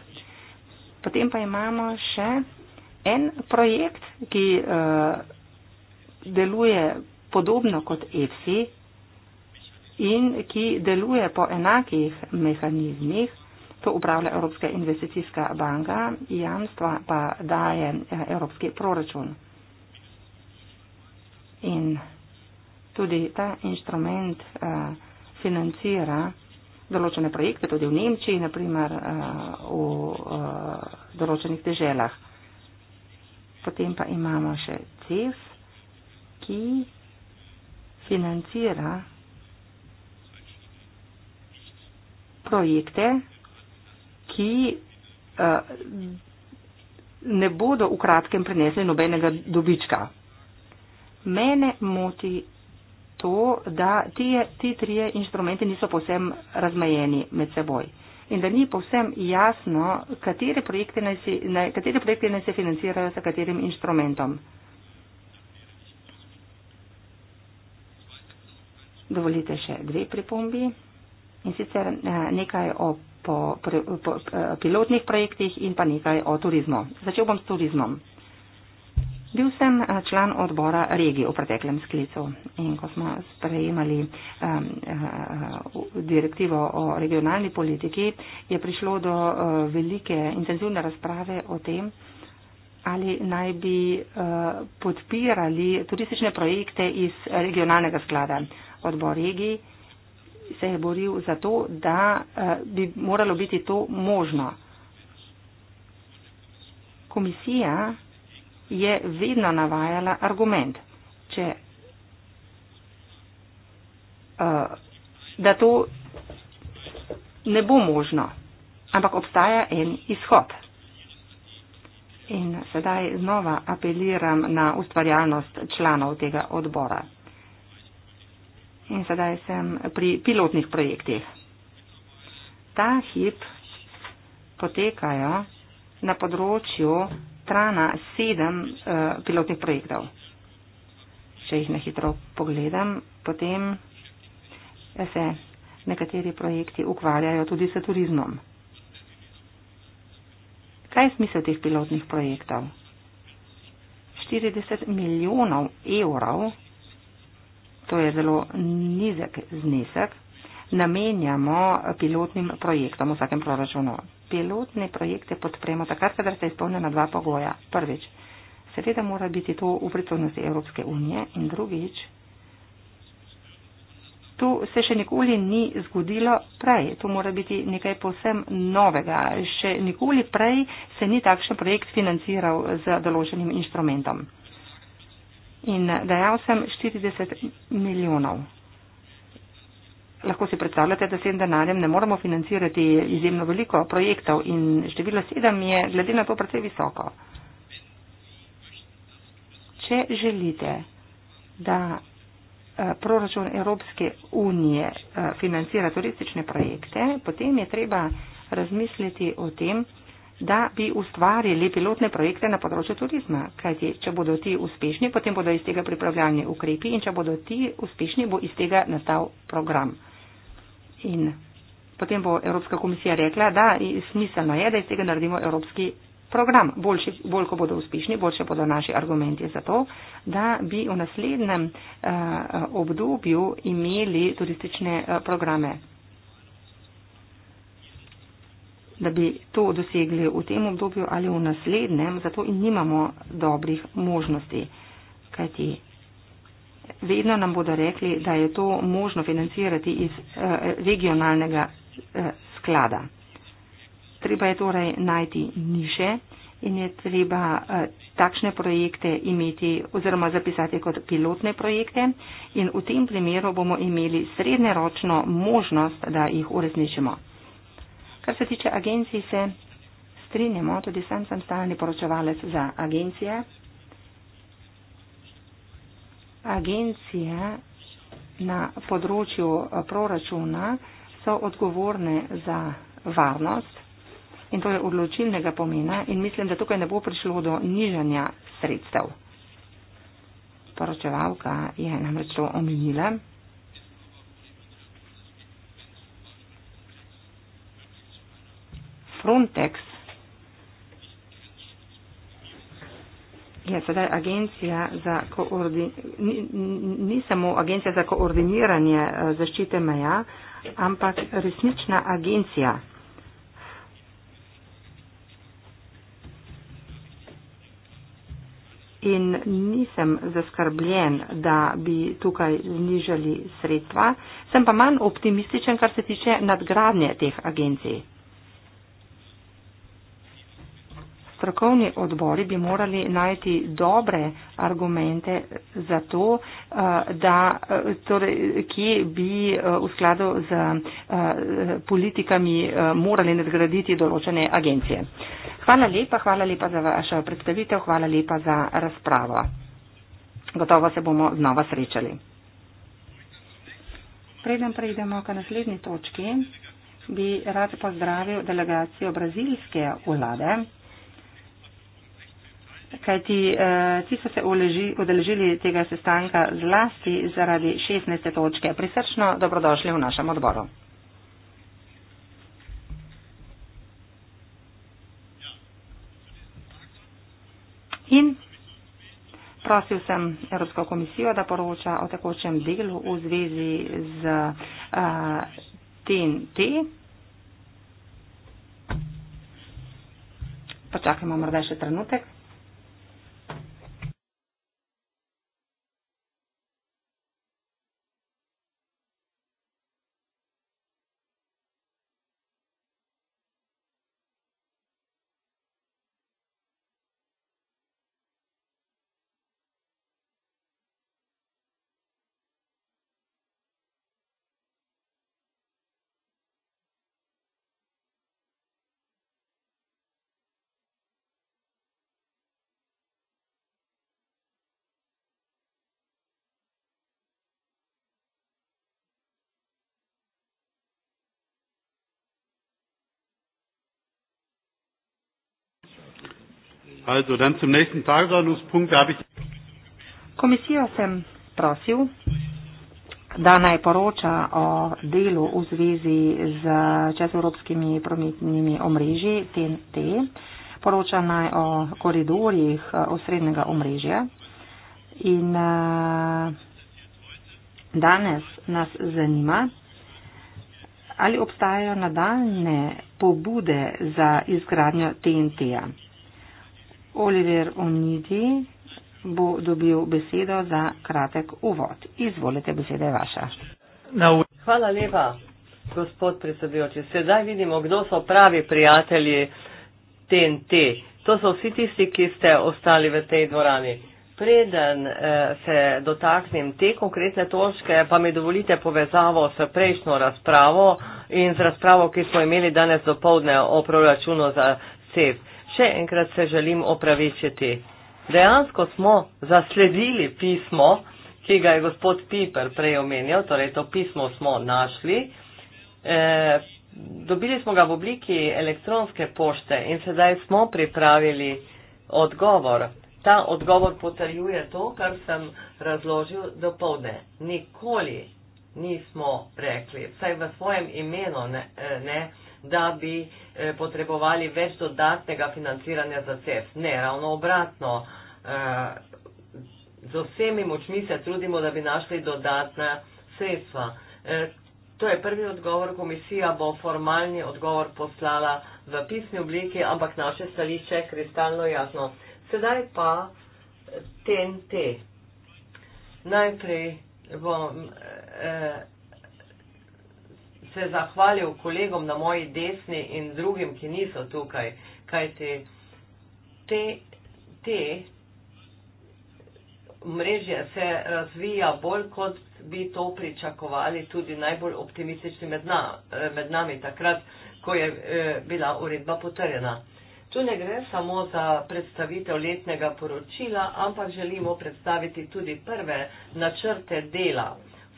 Potem pa imamo še en projekt, ki eh, deluje podobno kot EPSI in ki deluje po enakih mehanizmih. To upravlja Evropska investicijska banka, jamstva pa daje eh, Evropski proračun. In tudi ta inštrument uh, financira določene projekte, tudi v Nemčiji, naprimer uh, eh, v uh, določenih deželah. Potem pa imamo še CEF, ki financira projekte, ki uh, ne bodo v kratkem prinesli nobenega dobička. Mene moti to, da ti, ti trije inštrumenti niso povsem razmejeni med seboj in da ni povsem jasno, kateri projekti naj se financirajo s katerim inštrumentom. Dovolite še dve pripombi in sicer eh, nekaj o po, po, po, eh, pilotnih projektih in pa nekaj o turizmu. Začel bom s turizmom. Bil sem eh, član odbora regij v preteklem sklicu in ko smo sprejemali um, uh, direktivo o regionalni politiki, je prišlo do uh, velike intenzivne razprave o tem, ali naj bi uh, podpirali turistične projekte iz regionalnega sklada. Odbor regij se je boril za to, da uh, bi moralo biti to možno. Komisija je vedno navajala argument, če, uh, da to ne bo možno, ampak obstaja en izhod. In sedaj znova apeliram na ustvarjalnost članov tega odbora. In sedaj sem pri pilotnih projektih. Ta hip potekajo na področju elektrana sedem uh, pilotnih projektov. Če jih nehitro pogledam, potem ja, se nekateri projekti ukvarjajo tudi s turizmom. Kaj je smisel teh pilotnih projektov? 40 milijonov evrov, to je zelo nizek znesek, namenjamo pilotnim projektom v vsakem proračunu pilotne projekte podpremo takrat, kadar se izpolnjena dva pogoja. Prvič, seveda mora biti to v pristojnosti Evropske unije in drugič, tu se še nikoli ni zgodilo prej. To mora biti nekaj posem novega. Še nikoli prej se ni takšen projekt financiral z določenim inštrumentom. In dajal sem 40 milijonov lahko si predstavljate, da s tem denarjem ne moremo financirati izjemno veliko projektov in število sedem je glede na to precej visoko. Če želite, da eh, proračun Evropske unije eh, financira turistične projekte, potem je treba razmisliti o tem, da bi ustvarili pilotne projekte na področju turizma. Kajti, če bodo ti uspešni, potem bodo iz tega pripravljeni ukrepi in če bodo ti uspešni, bo iz tega nastal program. In potem bo Evropska komisija rekla, da smiselno je, da iz tega naredimo evropski program. Boljši, bolj, ko bodo uspešni, boljše bodo naši argumenti za to, da bi v naslednjem uh, obdobju imeli turistične uh, programe. Da bi to dosegli v tem obdobju ali v naslednjem, zato in nimamo dobrih možnosti. Kajti Vedno nam bodo rekli, da je to možno financirati iz eh, regionalnega eh, sklada. Treba je torej najti niše in je treba eh, takšne projekte imeti oziroma zapisati kot pilotne projekte in v tem primeru bomo imeli srednjeročno možnost, da jih uresničimo. Kar se tiče agencij, se strinjamo, tudi sam sem stalni poročevalec za agencije agencije na področju eh, proračuna so odgovorne za varnost in to je odločilnega pomena in mislim, da tukaj ne bo prišlo do nižanja sredstev. Poročevalka je namreč to omenila. Frontex Ja, sedaj agencija za koordiniranje, ni, ni samo agencija za koordiniranje eh, zaščite meja, ampak resnična agencija. In nisem zaskrbljen, da bi tukaj znižali sredstva, sem pa manj optimističen, kar se tiče nadgradnje teh agencij. strokovni odbori bi morali najti dobre argumente za to, eh, da, eh, torej, kje bi eh, v skladu z politikami morali nadgraditi določene agencije. Hvala lepa, hvala lepa za vašo predstavitev, hvala lepa za razpravo. Gotovo se bomo znova srečali. Preden preidemo k naslednji točki, bi rad pozdravil delegacijo brazilske vlade kajti ti eh, so se odeležili tega sestanka zlasti zaradi 16. točke. Prisrčno dobrodošli v našem odboru. In prosil sem Evropsko komisijo, da poroča o tekočem delu v zvezi z uh, eh, TNT. Počakajmo morda še trenutek. Also dann zum nächsten Tagesordnungspunkt, da habe ich Komisijo sem prosil, da naj poroča o delu v zvezi z časovropskimi prometnimi omrežji TNT, poroča naj o koridorjih eh, osrednjega omrežja in uh, danes nas zanima, ali obstajajo nadaljne pobude za izgradnjo TNT-ja. Oliver Onidi bo dobil besedo za kratek uvod. Izvolite, beseda je vaša. Hvala lepa, gospod predsedujoči. Sedaj vidimo, kdo so pravi prijatelji TNT. To so vsi tisti, ki ste ostali v tej dvorani. Preden eh, se dotaknem te konkretne točke, pa mi dovolite povezavo s prejšnjo razpravo in z razpravo, ki smo imeli danes dopovdne o proračunu za CEF še enkrat se želim opravičiti. Dejansko smo zasledili pismo, ki ga je gospod Piper prej omenjal, torej to pismo smo našli. E, dobili smo ga v obliki elektronske pošte in sedaj smo pripravili odgovor. Ta odgovor potrjuje to, kar sem razložil do povdne. Nikoli nismo rekli, vsaj v svojem imenu ne. E, ne da bi eh, potrebovali več dodatnega financiranja za cest. Ne, ravno obratno. Eh, z vsemi močmi se trudimo, da bi našli dodatna sredstva. Eh, to je prvi odgovor. Komisija bo formalni odgovor poslala v pisni obliki, ampak naše stališče je kristalno jasno. Sedaj pa TNT. Najprej bom. Eh, se zahvalil kolegom na moji desni in drugim, ki niso tukaj, kajti te, te mreže se razvija bolj, kot bi to pričakovali tudi najbolj optimistični med, na, med nami takrat, ko je e, bila uredba potrjena. Tu ne gre samo za predstavitev letnega poročila, ampak želimo predstaviti tudi prve načrte dela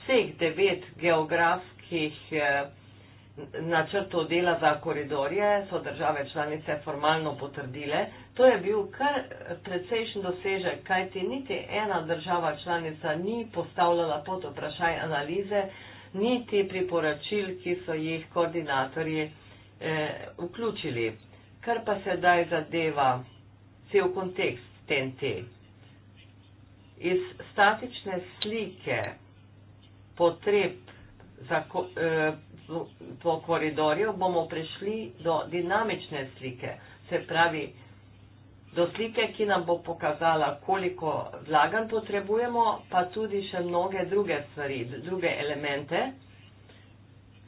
vseh devet geografskih koridorskih načrtov dela za koridorje so države članice formalno potrdile. To je bil kar precejšen dosežek, kajti niti ena država članica ni postavljala pod vprašaj analize, niti priporočil, ki so jih koordinatorji eh, vključili. Kar pa sedaj zadeva cel kontekst TNT. Iz statične slike potreb za, eh, po koridorju bomo prišli do dinamične slike, se pravi do slike, ki nam bo pokazala, koliko vlagan potrebujemo, pa tudi še mnoge druge stvari, druge elemente,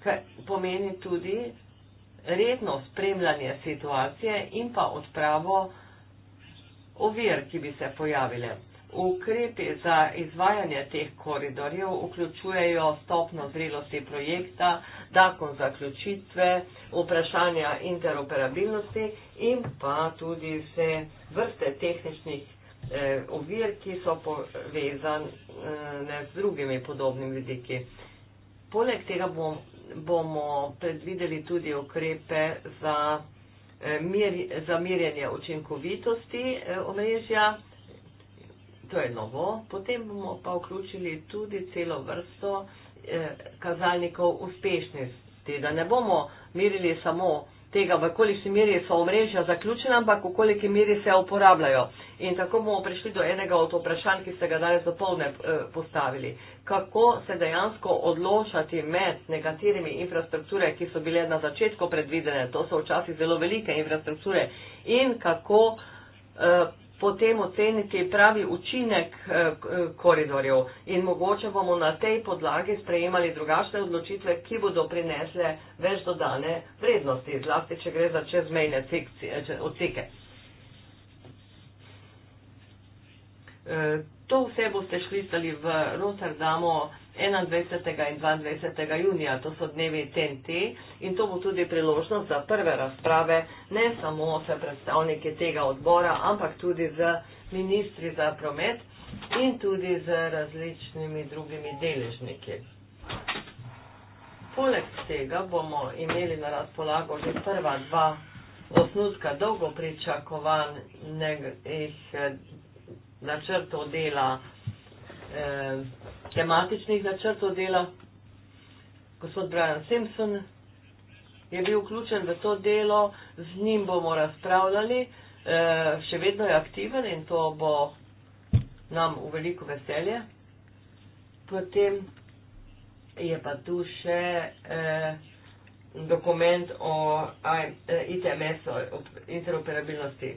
kar pomeni tudi redno spremljanje situacije in pa odpravo ovir, ki bi se pojavile. Ukrepi za izvajanje teh koridorjev vključujejo stopno zrelosti projekta, datum zaključitve, vprašanja interoperabilnosti in pa tudi vse vrste tehničnih eh, ovir, ki so povezane z drugimi podobnimi vidiki. Poleg tega bom, bomo predvideli tudi ukrepe za, eh, mir, za mirjenje učinkovitosti eh, omrežja to je novo. Potem bomo pa vključili tudi celo vrsto eh, kazalnikov uspešnosti, da ne bomo merili samo tega, v kolikšni meri so omrežja zaključena, ampak v koliki meri se uporabljajo. In tako bomo prišli do enega od vprašanj, ki ste ga danes dopolne eh, postavili. Kako se dejansko odločati med nekaterimi infrastrukture, ki so bile na začetku predvidene, to so včasih zelo velike infrastrukture, in kako eh, potem oceniti pravi učinek eh, koridorjev in mogoče bomo na tej podlagi sprejemali drugačne odločitve, ki bodo prinesle več dodane vrednosti, zlasti, če gre za čezmejne ocike. Eh, to vse boste šlistali v Rotterdamu. 21. in 22. junija, to so dnevi TNT in to bo tudi priložnost za prve razprave, ne samo se predstavniki tega odbora, ampak tudi z ministri za promet in tudi z različnimi drugimi deležniki. Poleg tega bomo imeli na razpolago že prva dva osnutka dolgo pričakovanih eh, načrtov dela eh, tematičnih načrtov dela. Gospod Brian Simpson je bil vključen v to delo, z njim bomo razpravljali, eh, še vedno je aktiven in to bo nam v veliko veselje. Potem je pa tu še eh, dokument o ITMS-u, eh, interoperabilnosti.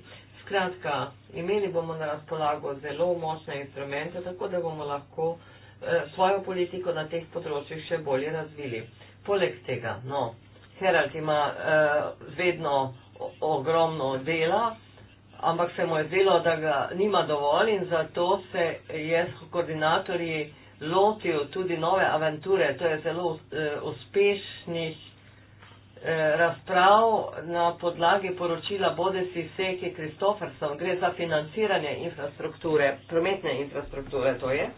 Skratka, imeli bomo na razpolago zelo močne instrumente, tako da bomo lahko eh, svojo politiko na teh področjih še bolje razvili. Poleg tega, no, Herald ima eh, vedno ogromno dela, ampak se mu je zdelo, da ga nima dovolj in zato se je s koordinatorji lotil tudi nove aventure, to je zelo eh, uspešnih Eh, razprav na podlagi poročila Bodesi Seki Kristoferson, gre za financiranje infrastrukture, prometne infrastrukture to je,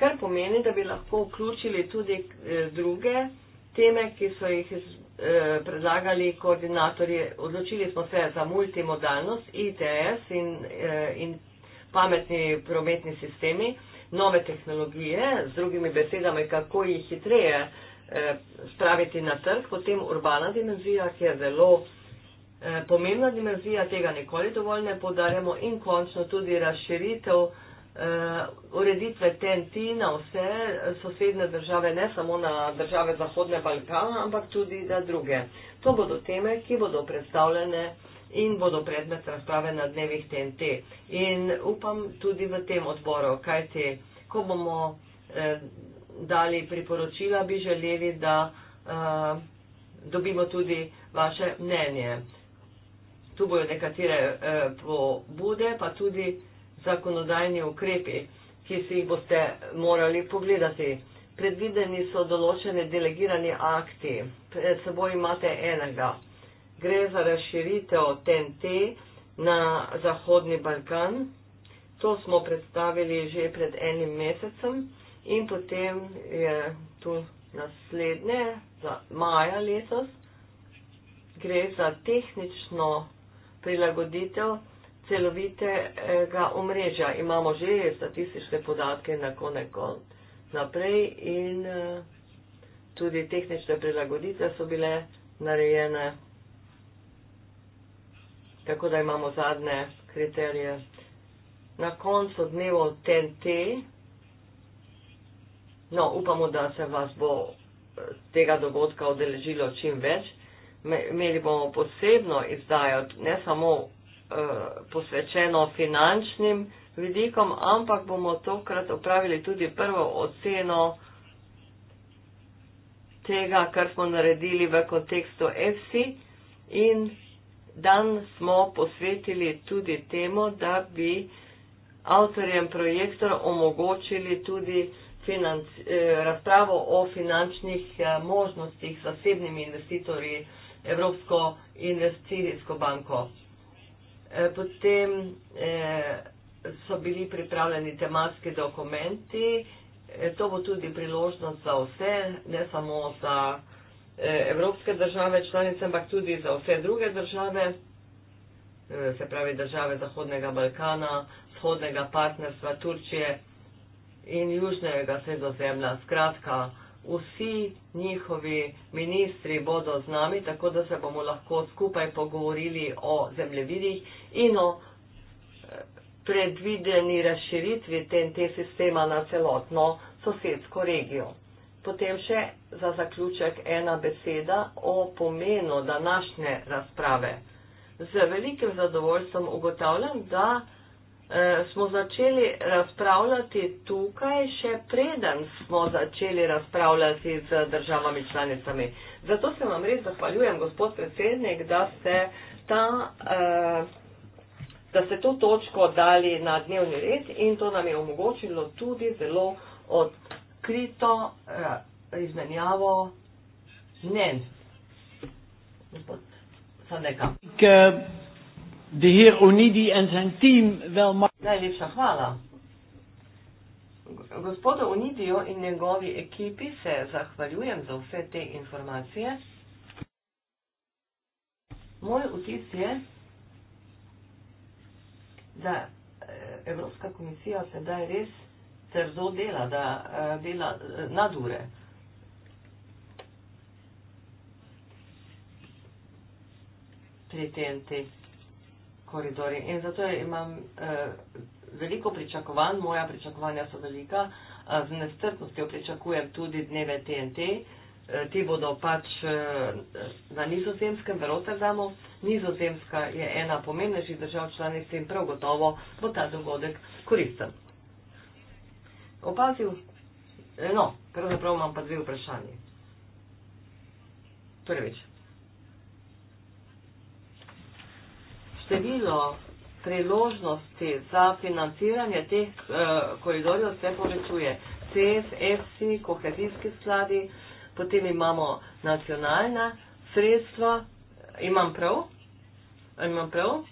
kar pomeni, da bi lahko vključili tudi eh, druge teme, ki so jih eh, predlagali koordinatorji. Odločili smo se za multimodalnost, ITS in, in pametni prometni sistemi, nove tehnologije, z drugimi besedami, kako jih hitreje Eh, spraviti na trg, potem urbana dimenzija, ki je zelo eh, pomembna dimenzija, tega nikoli dovolj ne podarjamo in končno tudi razširitev eh, ureditve TNT na vse sosedne države, ne samo na države Zahodne Balkana, ampak tudi na druge. To bodo teme, ki bodo predstavljene in bodo predmet razprave na dnevih TNT. In upam tudi v tem odboru, kajti ko bomo dali priporočila, bi želeli, da eh, dobimo tudi vaše mnenje. Tu bojo nekatere eh, pobude, pa tudi zakonodajni ukrepi, ki si jih boste morali pogledati. Predvideni so določene delegirani akti. Pred seboj imate enega. Gre za razširitev TNT na Zahodni Balkan. To smo predstavili že pred enim mesecem. In potem je tu naslednje, za maja letos, gre za tehnično prilagoditev celovitega omrežja. Imamo že statistične podatke na konec naprej in tudi tehnične prilagoditve so bile narejene. Tako da imamo zadnje kriterije. Na koncu dnevov TNT No, upamo, da se vas bo eh, tega dogodka odeležilo čim več. Imeli bomo posebno izdajo, ne samo eh, posvečeno finančnim vidikom, ampak bomo tokrat opravili tudi prvo oceno tega, kar smo naredili v kontekstu EFSI in dan smo posvetili tudi temu, da bi avtorjem projektor omogočili tudi financ, eh, razpravo o finančnih eh, možnostih z zasebnimi investitorji Evropsko investicijsko banko. Eh, potem so bili pripravljeni tematski dokumenti. To bo tudi priložnost za vse, ne samo za evropske države članice, ampak tudi za vse druge države, se pravi države Zahodnega Balkana, Vzhodnega partnerstva, Turčije in južnega sredozemlja. Skratka, vsi njihovi ministri bodo z nami, tako da se bomo lahko skupaj pogovorili o zemljevidih in o eh, predvideni razširitvi TNT sistema na celotno sosedsko regijo. Potem še za zaključek ena beseda o pomenu današnje razprave. Z velikim zadovoljstvom ugotavljam, da Eh, smo začeli razpravljati tukaj, še preden smo začeli razpravljati z državami članicami. Zato se vam res zahvaljujem, gospod predsednik, da ste, ta, eh, da ste to točko dali na dnevni red in to nam je omogočilo tudi zelo odkrito eh, izmenjavo mnen. Gospod Sandeka de heer Onidi en zijn team wel mag. Nee, lief zachwala. Gospodo Onidio in njegovi ekipi se zahvaljujem za vse te informacije. Moj vtis je, da eh, Evropska komisija sedaj res trzo dela, da eh, dela eh, nadure. Pri tem testu koridorji. In zato imam eh, veliko pričakovanj, moja pričakovanja so velika. Eh, z nestrpnostjo pričakujem tudi dneve TNT. Eh, ti bodo pač eh, na nizozemskem, v Rotterdamu. Nizozemska je ena pomembnejših držav članic in prav gotovo bo ta dogodek koristen. Opazil, eh, no, pravzaprav imam pa dve vprašanje. Prvič. Torej število priložnosti za financiranje teh uh, koridorjev se povečuje. CF, FC, kohezijski skladi, potem imamo nacionalna sredstva, imam prav? Imam prav?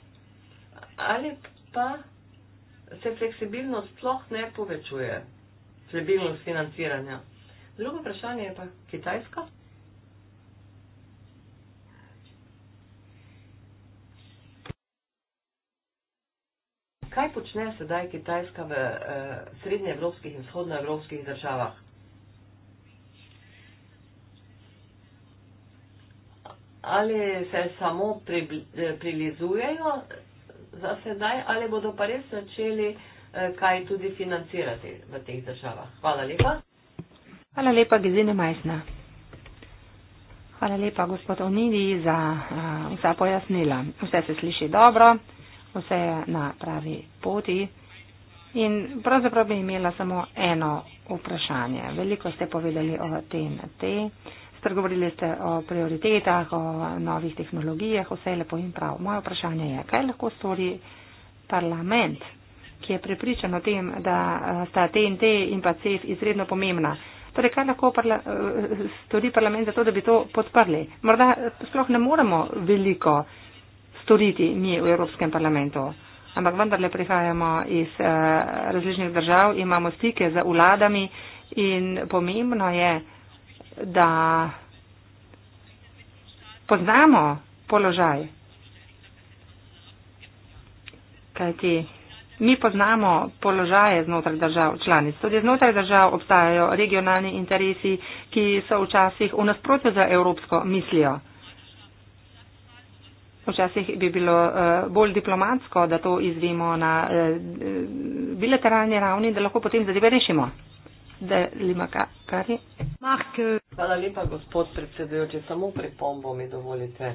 Ali pa se fleksibilnost sploh ne povečuje, fleksibilnost financiranja? Drugo vprašanje je pa Kitajska. kaj počne sedaj Kitajska v uh, srednjeevropskih in vzhodnoevropskih državah? Ali se samo eh, prilizujejo za sedaj, ali bodo pa res začeli eh, kaj tudi financirati v teh državah? Hvala lepa. Hvala lepa, Gizine Majsna. Hvala lepa, gospod Onidi, za uh, vsa pojasnila. Vse se sliši dobro vse na pravi poti. In pravzaprav bi imela samo eno vprašanje. Veliko ste povedali o tem, te. Spregovorili ste o prioritetah, o novih tehnologijah, vse je lepo in prav. Moje vprašanje je, kaj lahko stori parlament, ki je prepričan o tem, da eh, sta TNT in pa CEF izredno pomembna. Torej, kaj lahko parla, eh, stori parlament za to, da bi to podprli? Morda sploh ne moremo veliko storiti mi v Evropskem parlamentu. Ampak vendarle prihajamo iz eh, različnih držav, imamo stike z vladami in pomembno je, da poznamo položaj. Kajti mi poznamo položaje znotraj držav članic. Tudi znotraj držav obstajajo regionalni interesi, ki so včasih v nasprotju za evropsko mislijo. Včasih bi bilo uh, bolj diplomatsko, da to izvemo na uh, bilateralni ravni, da lahko potem zadeve rešimo. Da, lima, kar je. Eh. Hvala lepa, gospod predsedujoči. Samo pripombo mi dovolite.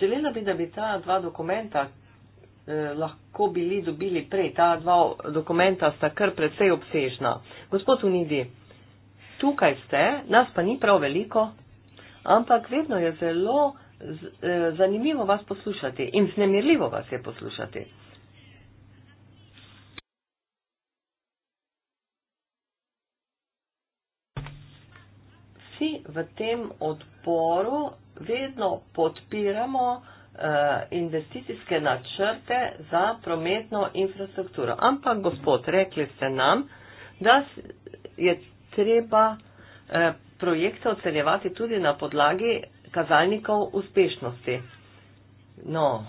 Želela bi, da bi ta dva dokumenta eh, lahko bili dobili prej. Ta dva dokumenta sta kar precej obsežna. Gospod Unidi, tukaj ste, nas pa ni prav veliko, ampak vedno je zelo. Z, eh, zanimivo vas poslušati in znemirljivo vas je poslušati. Vsi v tem odporu vedno podpiramo eh, investicijske načrte za prometno infrastrukturo. Ampak, gospod, rekli ste nam, da je treba eh, projekte ocenjevati tudi na podlagi kazalnikov uspešnosti. No,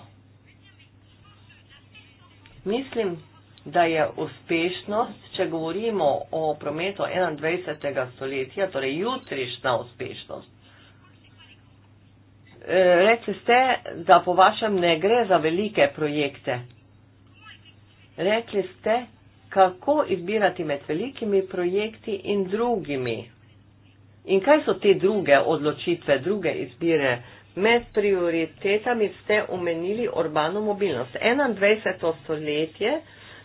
mislim, da je uspešnost, če govorimo o prometu 21. stoletja, torej jutrišnja uspešnost. E, rekli ste, da po vašem ne gre za velike projekte. Rekli ste, kako izbirati med velikimi projekti in drugimi. In kaj so te druge odločitve, druge izbire? Med prioritetami ste omenili urbano mobilnost. 21. stoletje,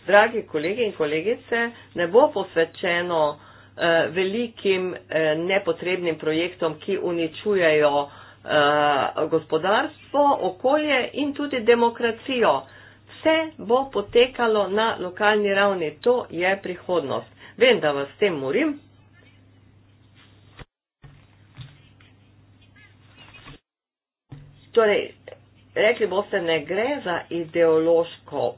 dragi kolegi in kolegice, ne bo posvečeno eh, velikim eh, nepotrebnim projektom, ki uničujejo eh, gospodarstvo, okolje in tudi demokracijo. Vse bo potekalo na lokalni ravni. To je prihodnost. Vem, da vas s tem morim, Torej, rekli boste, ne gre za ideološko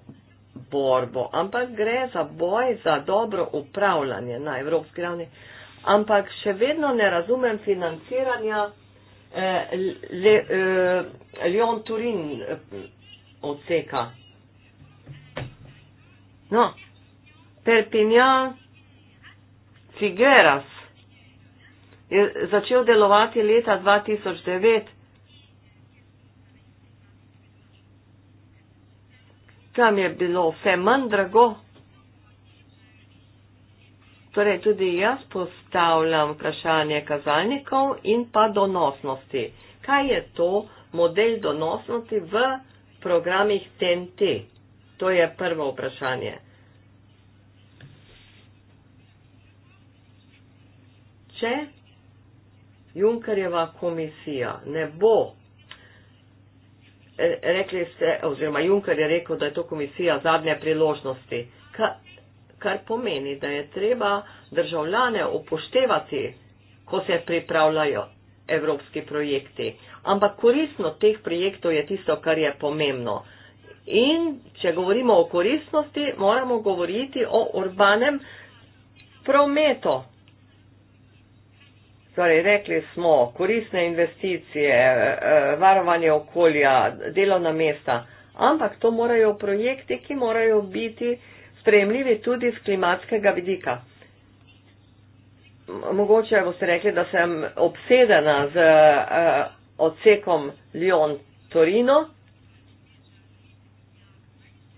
borbo, ampak gre za boj za dobro upravljanje na evropski ravni. Ampak še vedno ne razumem financiranja eh, Lyon-Turin eh, eh, odseka. No, Perpignan, Figueras je začel delovati leta 2009. tam je bilo vse manj drago. Torej, tudi jaz postavljam vprašanje kazalnikov in pa donosnosti. Kaj je to model donosnosti v programih TNT? To je prvo vprašanje. Če Junkerjeva komisija ne bo rekli ste, oziroma Juncker je rekel, da je to komisija zadnje priložnosti, kar, kar pomeni, da je treba državljane upoštevati, ko se pripravljajo evropski projekti. Ampak koristno teh projektov je tisto, kar je pomembno. In če govorimo o koristnosti, moramo govoriti o urbanem prometu. Torej, rekli smo, koristne investicije, eh, eh, varovanje okolja, delovna mesta, ampak to morajo projekti, ki morajo biti sprejemljivi tudi z klimatskega vidika. Mogoče boste rekli, da sem obsedena z uh, odsekom Lyon-Torino.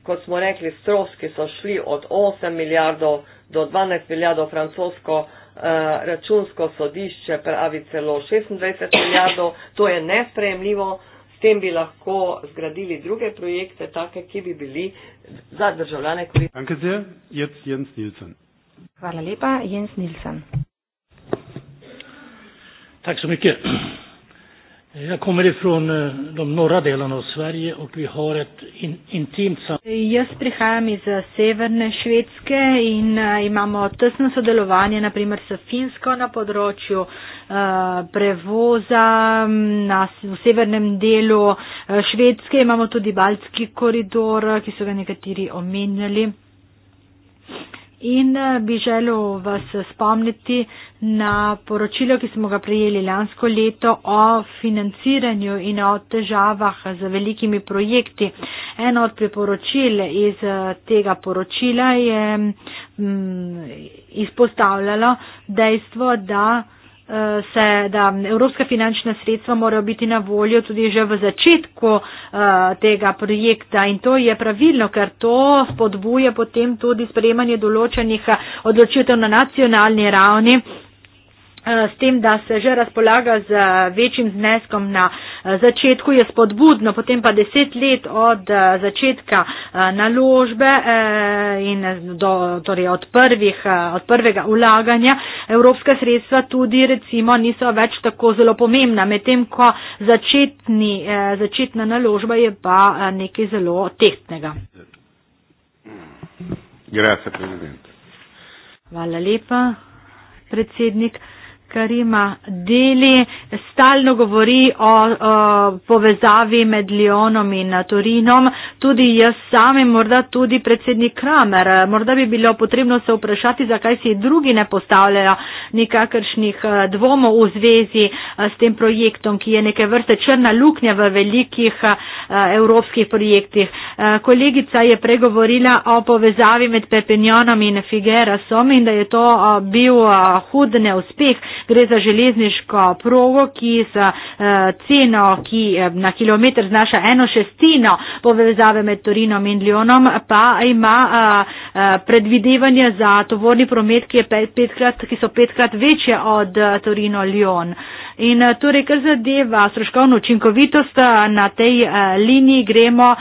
Kot smo rekli, stroški so šli od 8 milijardov do 12 milijardov francosko. Uh, Eh, računsko sodišče pravi celo 26 milijardov, to je nespremljivo, s tem bi lahko zgradili druge projekte, take, ki bi bili za državljane koristni. Hvala lepa, Jens Nilsen. Tak så mycket. Jag kommer ifrån eh, de norra delarna av Sverige och vi har ett in, intimt samarbete. Jag kommer från södra Sverige och vi har ett tätt samarbete, till exempel med Finland, på området prevoza na v severnem delu eh, Švedske imamo tudi Baltski koridor, ki so ga nekateri omenjali. In eh, bi želel vas spomniti na poročilo, ki smo ga prejeli lansko leto o financiranju in o težavah z velikimi projekti. Eno od priporočil iz eh, tega poročila je mm, izpostavljalo dejstvo, da se, da evropska finančna sredstva morajo biti na voljo tudi že v začetku eh, tega projekta in to je pravilno, ker to spodbuje potem tudi sprejemanje določenih eh, odločitev na nacionalni ravni Eh, s tem, da se že razpolaga z eh, večjim zneskom na eh, začetku, je spodbudno, potem pa deset let od začetka naložbe in do, torej od, prvih, od prvega ulaganja evropska sredstva tudi recimo niso več tako zelo pomembna, medtem ko začetni, začetna naložba je pa nekaj zelo tehtnega. Grazie, Hvala lepa, predsednik. Karima Deli stalno govori o, o povezavi med Lionom in Torinom. Tudi jaz sam in morda tudi predsednik Kramer. Morda bi bilo potrebno se vprašati, zakaj si drugi ne postavljajo nikakršnih eh, dvomov v zvezi eh, s tem projektom, ki je neke vrste črna luknja v velikih eh, evropskih projektih. Kolegica je pregovorila o povezavi med Pepinjonom in Figerasom in da je to bil hud neuspeh. Gre za železniško progo, ki s eh, ceno, ki eh, na kilometr znaša eno šestino povezave med Torinom in Ljonom, pa ima eh, predvidevanje za tovorni promet, ki, petkrat, ki so petkrat večje od Torino-Ljon. In torej, kar zadeva stroškovno učinkovitost na tej liniji, gremo,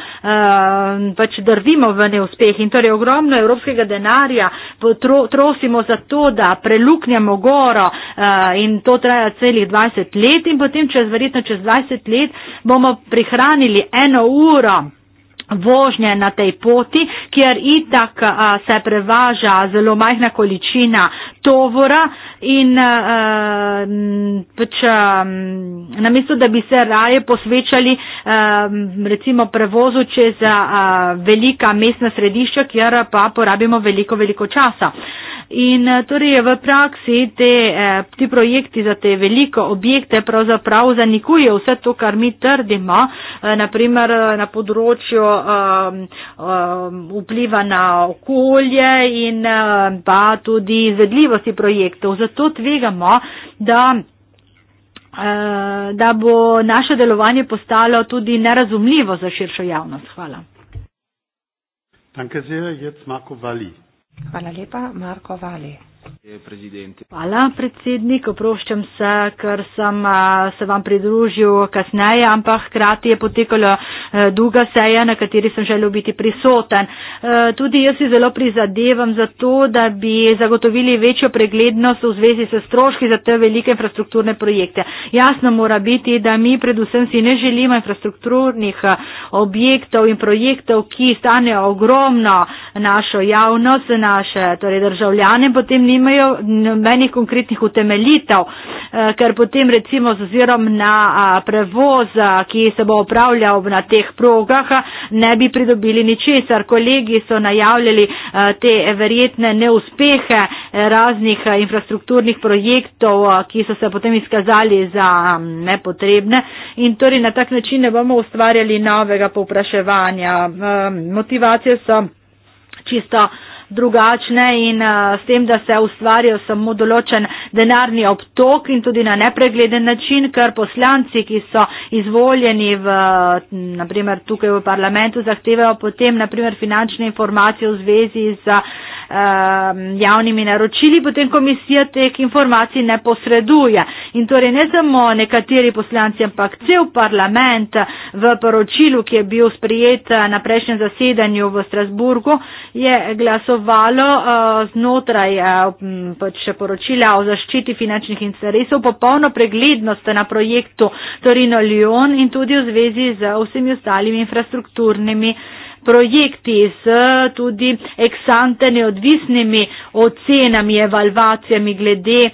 pač drvimo v neuspeh. In torej, ogromno evropskega denarja potrosimo za to, da preluknjamo goro, a, Eh, in to traja celih 20 let in potem čez verjetno čez 20 let bomo prihranili eno uro vožnje na tej poti, kjer itak a, eh, se prevaža zelo majhna količina tovora in a, eh, a, mm, pač, a, mm, namesto, da bi se raje posvečali a, mm, recimo prevozu čez a, velika mestna središča, kjer pa porabimo veliko, veliko časa. A, In eh, torej v praksi te, eh, ti projekti za te veliko objekte pravzaprav zanikujejo vse to, kar mi trdimo, eh, naprimer na področju um, um, vpliva na okolje in pa tudi izvedljivosti projektov. Zato tvegamo, da da bo naše delovanje postalo tudi nerazumljivo za širšo javnost. Hvala. Danke sehr, jetzt Marco Valli. Hvala lepa, Marko Vali. Hvala, predsednik. Oproščam se, ker sem se vam pridružil kasneje, ampak hkrati je potekala e, dolga seja, na kateri sem želel biti prisoten. E, tudi jaz si zelo prizadevam za to, da bi zagotovili večjo preglednost v zvezi s stroški za te velike infrastrukturne projekte. Jasno mora biti, da mi predvsem si ne želimo infrastrukturnih e, objektov in projektov, ki stanejo ogromno našo javnost, naše torej državljane, potem ni nimajo nobenih konkretnih utemeljitev, eh, ker potem recimo z ozirom na prevoz, ki se bo upravljal na teh progah, ne bi pridobili ničesar. Kolegi so najavljali eh, te verjetne neuspehe eh, raznih infrastrukturnih projektov, ki so se potem izkazali za mm, nepotrebne in torej na tak način ne bomo ustvarjali novega popraševanja. Motivacije so čisto drugačne in eh, s tem, da se ustvarijo samo določen denarni obtok in tudi na nepregleden način, ker poslanci, ki so izvoljeni v, naprimer, tukaj v parlamentu, zahtevajo potem, naprimer, finančne informacije v zvezi z Um, javnimi naročili, potem komisija teh informacij ne posreduje. In torej ne samo nekateri poslanci, ampak cel parlament v poročilu, ki je bil sprejet uh, na prejšnjem zasedanju v Strasburgu, je glasovalo uh, znotraj uh, pač poročila o zaščiti finančnih interesov popolno preglednost na projektu Torino-Lyon in tudi v zvezi z vsemi ostalimi infrastrukturnimi projekti projekti s tudi eksante neodvisnimi ocenami, evalvacijami glede eh,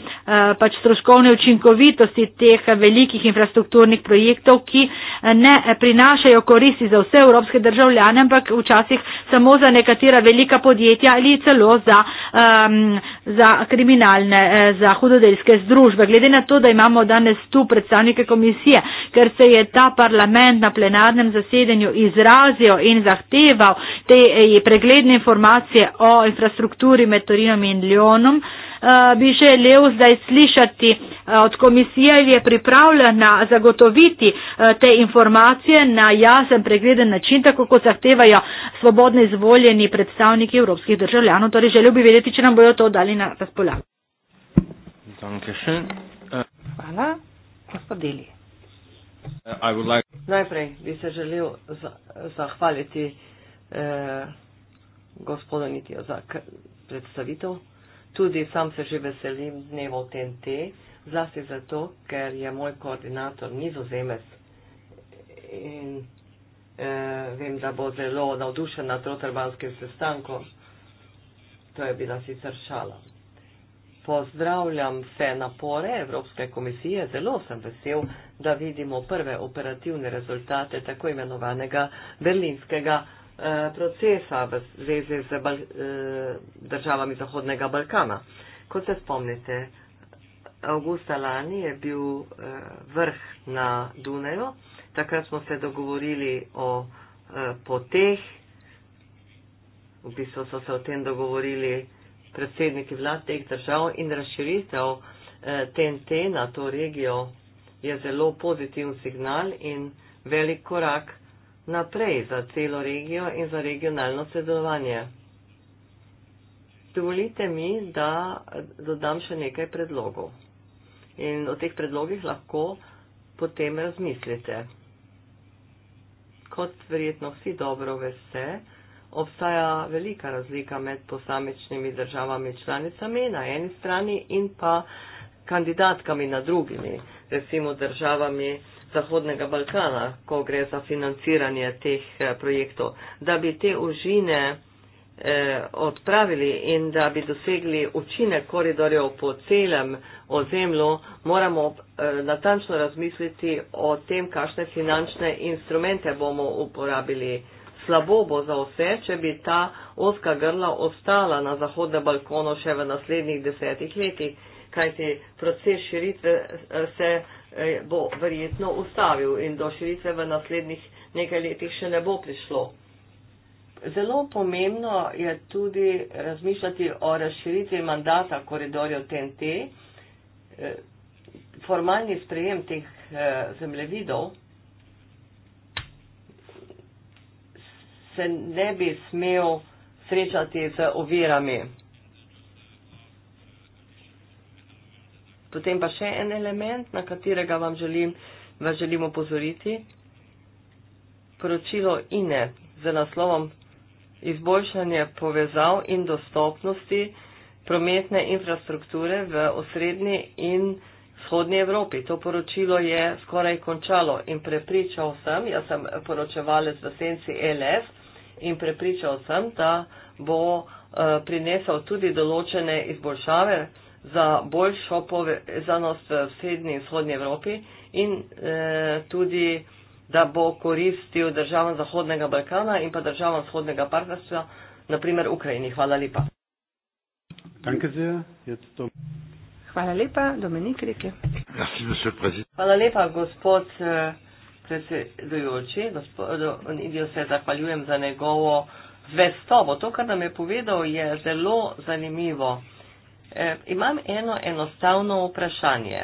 pač stroškovne učinkovitosti teh velikih infrastrukturnih projektov, ki eh, ne prinašajo koristi za vse evropske državljane, ampak včasih samo za nekatera velika podjetja ali celo za, um, za kriminalne, eh, za hudodelske združbe. Glede na to, da imamo danes tu predstavnike komisije, ker se je ta parlament na plenarnem zasedanju izrazil in zahteval te eh, pregledne informacije o infrastrukturi med Torinom in Ljonom, Eh, bi želel zdaj slišati eh, od komisije, je pripravljena zagotoviti eh, te informacije na jasen, pregleden način, tako kot zahtevajo svobodno izvoljeni predstavniki evropskih državljanov. Torej, želel bi vedeti, če nam bojo to dali na razpolago. Hvala, gospod Deli. Like... Najprej bi se želel zahvaliti eh, gospodu Nitiju za predstavitev. Tudi sam se že veselim dnevo TNT, zlasti zato, ker je moj koordinator nizozemec in eh, vem, da bo zelo navdušen nad rotterbanskim sestankom. To je bila sicer šala. Pozdravljam vse napore Evropske komisije, zelo sem vesel, da vidimo prve operativne rezultate tako imenovanega berlinskega Eh, procesa v zvezi z Bal eh, državami Zahodnega Balkana. Kot se spomnite, avgusta lani je bil eh, vrh na Dunaju, takrat smo se dogovorili o poteh, v bistvu so se o tem dogovorili predsedniki vlad teh držav in razširitev TNT na to regijo je zelo pozitiven signal in velik korak naprej za celo regijo in za regionalno sodelovanje. Dovolite mi, da dodam še nekaj predlogov in o teh predlogih lahko potem razmislite. Kot verjetno vsi dobro veste, obstaja velika razlika med posamečnimi državami članicami na eni strani in pa kandidatkami na drugimi, recimo državami. Zahodnega Balkana, ko gre za financiranje teh eh, projektov, da bi te užine eh, odpravili in da bi dosegli učinek koridorjev po celem ozemlju, moramo eh, natančno razmisliti o tem, kakšne finančne instrumente bomo uporabili. Slabo bo za vse, če bi ta oska grla ostala na Zahodnem Balkonu še v naslednjih desetih letih, kajti proces širitve se Eh, bo verjetno ustavil in do širitve v naslednjih nekaj letih še ne bo prišlo. Zelo pomembno je tudi razmišljati o razširitvi mandata koridorjev TNT. Eh, formalni sprejem teh eh, zemljevidov se ne bi smel srečati z ovirami. Potem pa še en element, na katerega vam želim, vas želim opozoriti. Poročilo INE z naslovom Izboljšanje povezav in dostopnosti prometne infrastrukture v osrednji in vzhodni Evropi. To poročilo je skoraj končalo in prepričal sem, jaz sem poročevalec v senci e LS in prepričal sem, da bo uh, prinesel tudi določene izboljšave za boljšo povezanost v srednji in vzhodnji Evropi in eh, tudi, da bo koristil državam Zahodnega Balkana in pa državam vzhodnega partnerstva, naprimer Ukrajini. Hvala lepa. Hvala lepa, Dominik Rike. Hvala lepa, gospod eh, predsedujoči. Idijo se zahvaljujem za njegovo zvestobo. To, kar nam je povedal, je zelo zanimivo imam eno enostavno vprašanje.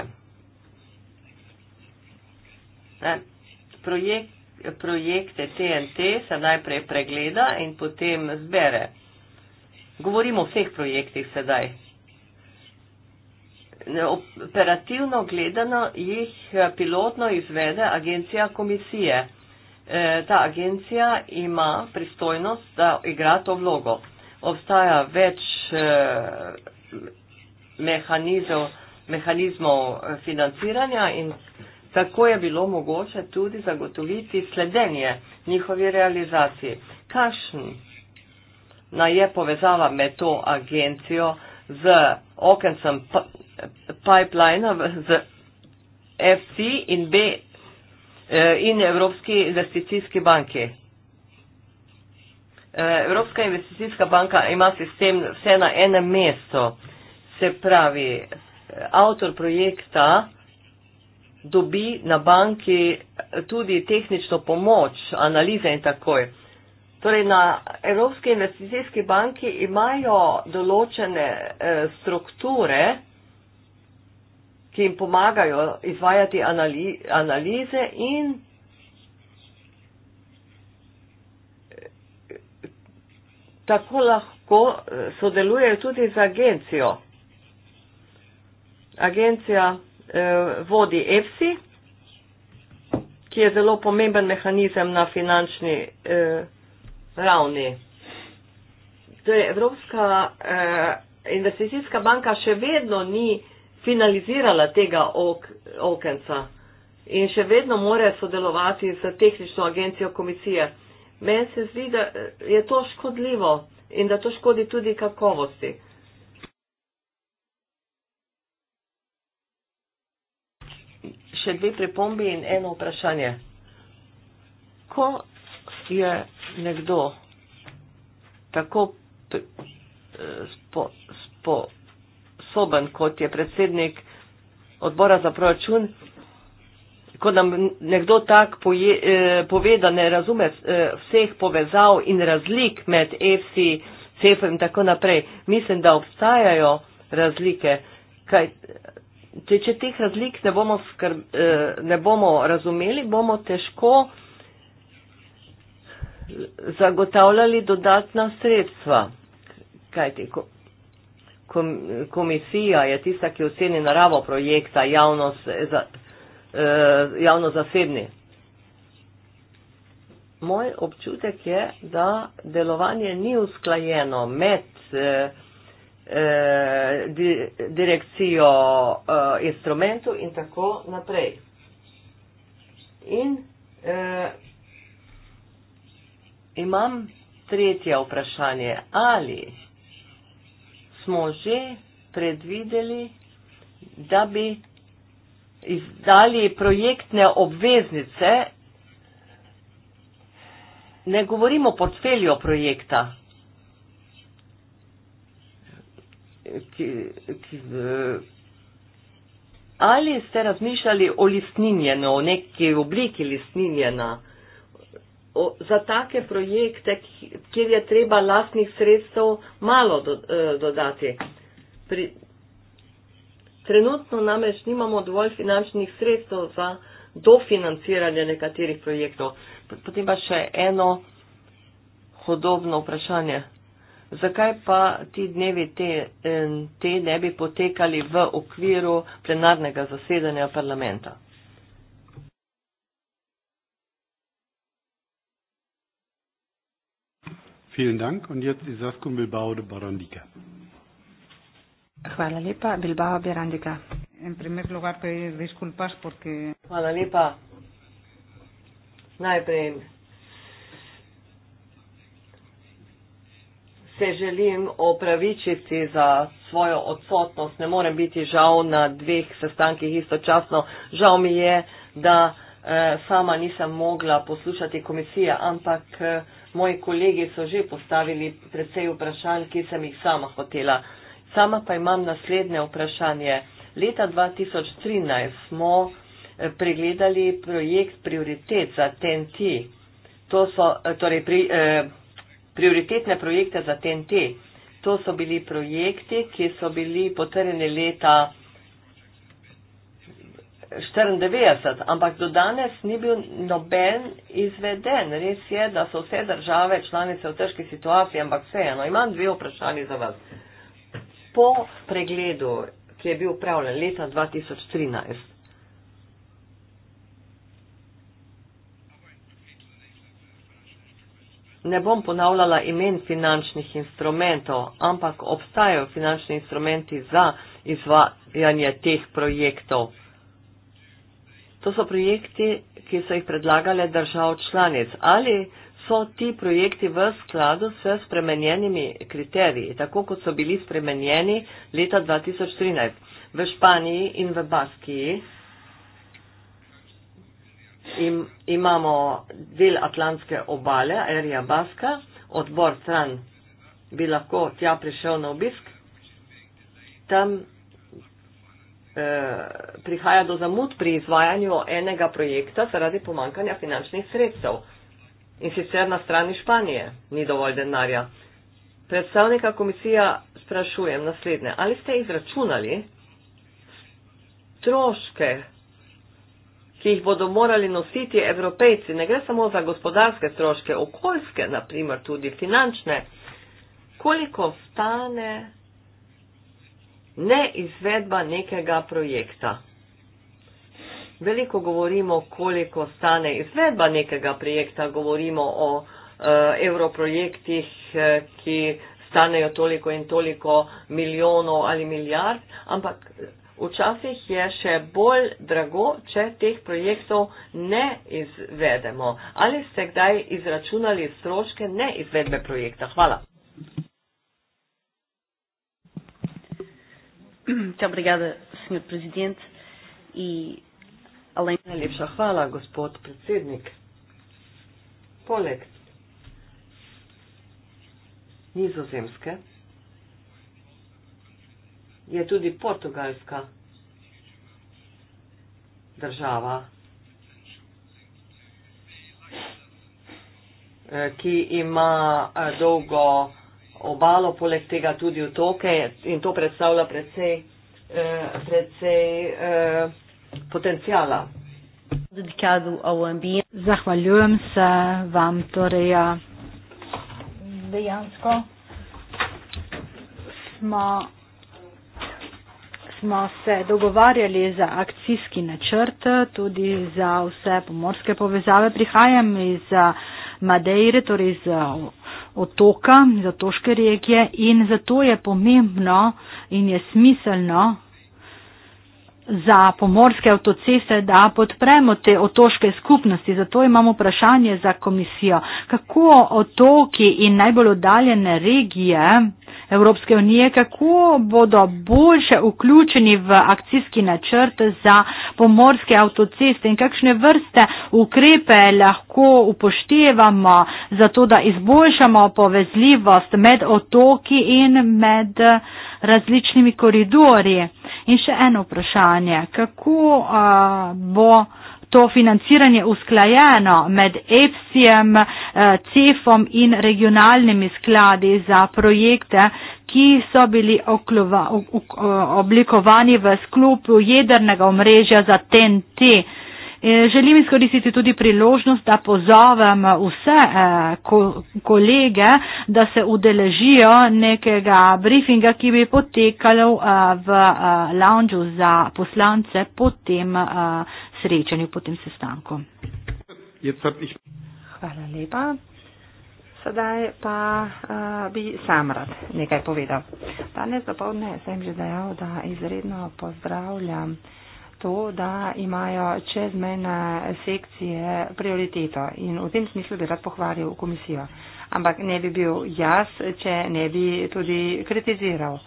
Ne, projek, projekte TNT se najprej pregleda in potem zbere. Govorimo o vseh projektih sedaj. Operativno gledano jih eh, pilotno izvede agencija komisije. Eh, ta agencija ima pristojnost, da igra to vlogo. Obstaja več eh, mehanizov, mehanizmov eh, financiranja in tako je bilo mogoče tudi zagotoviti sledenje njihovi realizaciji. Kakšna je povezava med to agencijo z okencem pipelina, z FC in B eh, in Evropski investicijski banki? Eh, Evropska investicijska banka ima sistem vse na enem mestu se pravi, avtor projekta dobi na banki tudi tehnično pomoč, analize in takoj. Torej, na Evropski investicijski banki imajo določene eh, strukture, ki jim pomagajo izvajati anali analize in eh, tako lahko eh, sodelujejo tudi z agencijo agencija eh, vodi EFSI, ki je zelo pomemben mehanizem na finančni eh, ravni. To je Evropska eh, investicijska banka še vedno ni finalizirala tega ok, okenca in še vedno more sodelovati z tehnično agencijo komisije. Meni se zdi, da eh, je to škodljivo in da to škodi tudi kakovosti. še dve pripombi in eno vprašanje. Ko je nekdo tako eh, sposoben, kot je predsednik odbora za proračun, ko nam nekdo tak poje, eh, pove, da ne razume eh, vseh povezav in razlik med EFSI, CEF e in tako naprej, mislim, da obstajajo razlike. Kaj, če, če teh razlik ne bomo, skrb, eh, ne bomo razumeli, bomo težko zagotavljali dodatna sredstva. Kajti, komisija je tista, ki oceni naravo projekta, javnost, eh, javno-zasebni. Moj občutek je, da delovanje ni usklajeno med eh, eh, di, direkcijo eh, instrumentu in tako naprej. In eh, imam tretje vprašanje, ali smo že predvideli, da bi izdali projektne obveznice, ne govorimo o portfelju projekta, ki, ki, uh, ali ste razmišljali o listninjeno, o neki obliki listninjena, o, za take projekte, ki, kjer je treba lastnih sredstev malo do, uh, dodati. Pri, trenutno namreč nimamo dovolj finančnih sredstev za dofinanciranje nekaterih projektov. Potem pa še eno hodobno vprašanje zakaj pa ti dnevi te, te ne bi potekali v okviru plenarnega zasedanja parlamenta? Dank, Hvala lepa, Bilbao Berandika. Hvala lepa. Najprej se želim opravičiti za svojo odsotnost. Ne morem biti žal na dveh sestankih istočasno. Žal mi je, da eh, sama nisem mogla poslušati komisije, ampak eh, moji kolegi so že postavili precej vprašanj, ki sem jih sama hotela. Sama pa imam naslednje vprašanje. Leta 2013 smo eh, pregledali projekt prioritet za TNT. To so, torej, pri, eh, prioritetne projekte za TNT. To so bili projekti, ki so bili potrjeni leta 1994, ampak do danes ni bil noben izveden. Res je, da so vse države članice v težki situaciji, ampak vseeno imam dve vprašanje za vas. Po pregledu, ki je bil upravljen leta 2013, Ne bom ponavljala imen finančnih instrumentov, ampak obstajajo finančni instrumenti za izvajanje teh projektov. To so projekti, ki so jih predlagale držav članic. Ali so ti projekti v skladu s spremenjenimi kriteriji, tako kot so bili spremenjeni leta 2013 v Španiji in v Baskiji? im, imamo del Atlantske obale, Erija Baska, odbor Tran bi lahko tja prišel na obisk. Tam eh, prihaja do zamud pri izvajanju enega projekta zaradi pomankanja finančnih sredstev. In sicer na strani Španije ni dovolj denarja. Predstavnika komisija sprašujem naslednje. Ali ste izračunali stroške ki jih bodo morali nositi evropejci, ne gre samo za gospodarske stroške, okoljske, naprimer tudi finančne, koliko stane neizvedba nekega projekta. Veliko govorimo, koliko stane izvedba nekega projekta, govorimo o e, evroprojektih, e, ki stanejo toliko in toliko milijonov ali milijard, ampak včasih je še bolj drago, če teh projektov ne izvedemo. Ali ste kdaj izračunali stroške neizvedbe projekta? Hvala. E, Najlepša hvala, gospod predsednik. Poleg nizozemske je tudi portugalska država, eh, ki ima eh, dolgo obalo, poleg tega tudi otoke in to predstavlja precej, eh, precej potencijala. Zahvaljujem se vam, torej ja, dejansko smo smo se dogovarjali za akcijski načrt, tudi za vse pomorske povezave. Prihajam iz eh, Madeire, torej iz eh, otoka, iz otoške regije in zato je pomembno in je smiselno za pomorske avtoceste, da podpremo te otoške skupnosti. Zato imamo vprašanje za komisijo, kako otoki in najbolj oddaljene regije Evropske unije, kako bodo boljše vključeni v akcijski načrt za pomorske avtoceste in kakšne vrste ukrepe lahko upoštevamo za to, da izboljšamo povezljivost med otoki in med različnimi koridorji. In še eno vprašanje, kako uh, bo to financiranje usklajeno med EPSI-em, uh, e, CEF-om in regionalnimi skladi za projekte, ki so bili oklova, o, o, oblikovani v sklopu jedrnega omrežja za TNT? Uh, Želim izkoristiti tudi priložnost, da pozovem vse eh, kolege, da se udeležijo nekega briefinga, ki bi potekal eh, v eh, loungeu za poslance po tem srečanju, po tem sestanku. Hvala lepa. Sedaj pa uh, bi sam rad nekaj povedal. Danes dopoledne sem že dejal, da izredno pozdravljam uh, to, da imajo čezmejne sekcije prioriteto in v tem smislu bi rad pohvalil komisijo. Ampak ne bi bil jaz, če ne bi tudi kritiziral.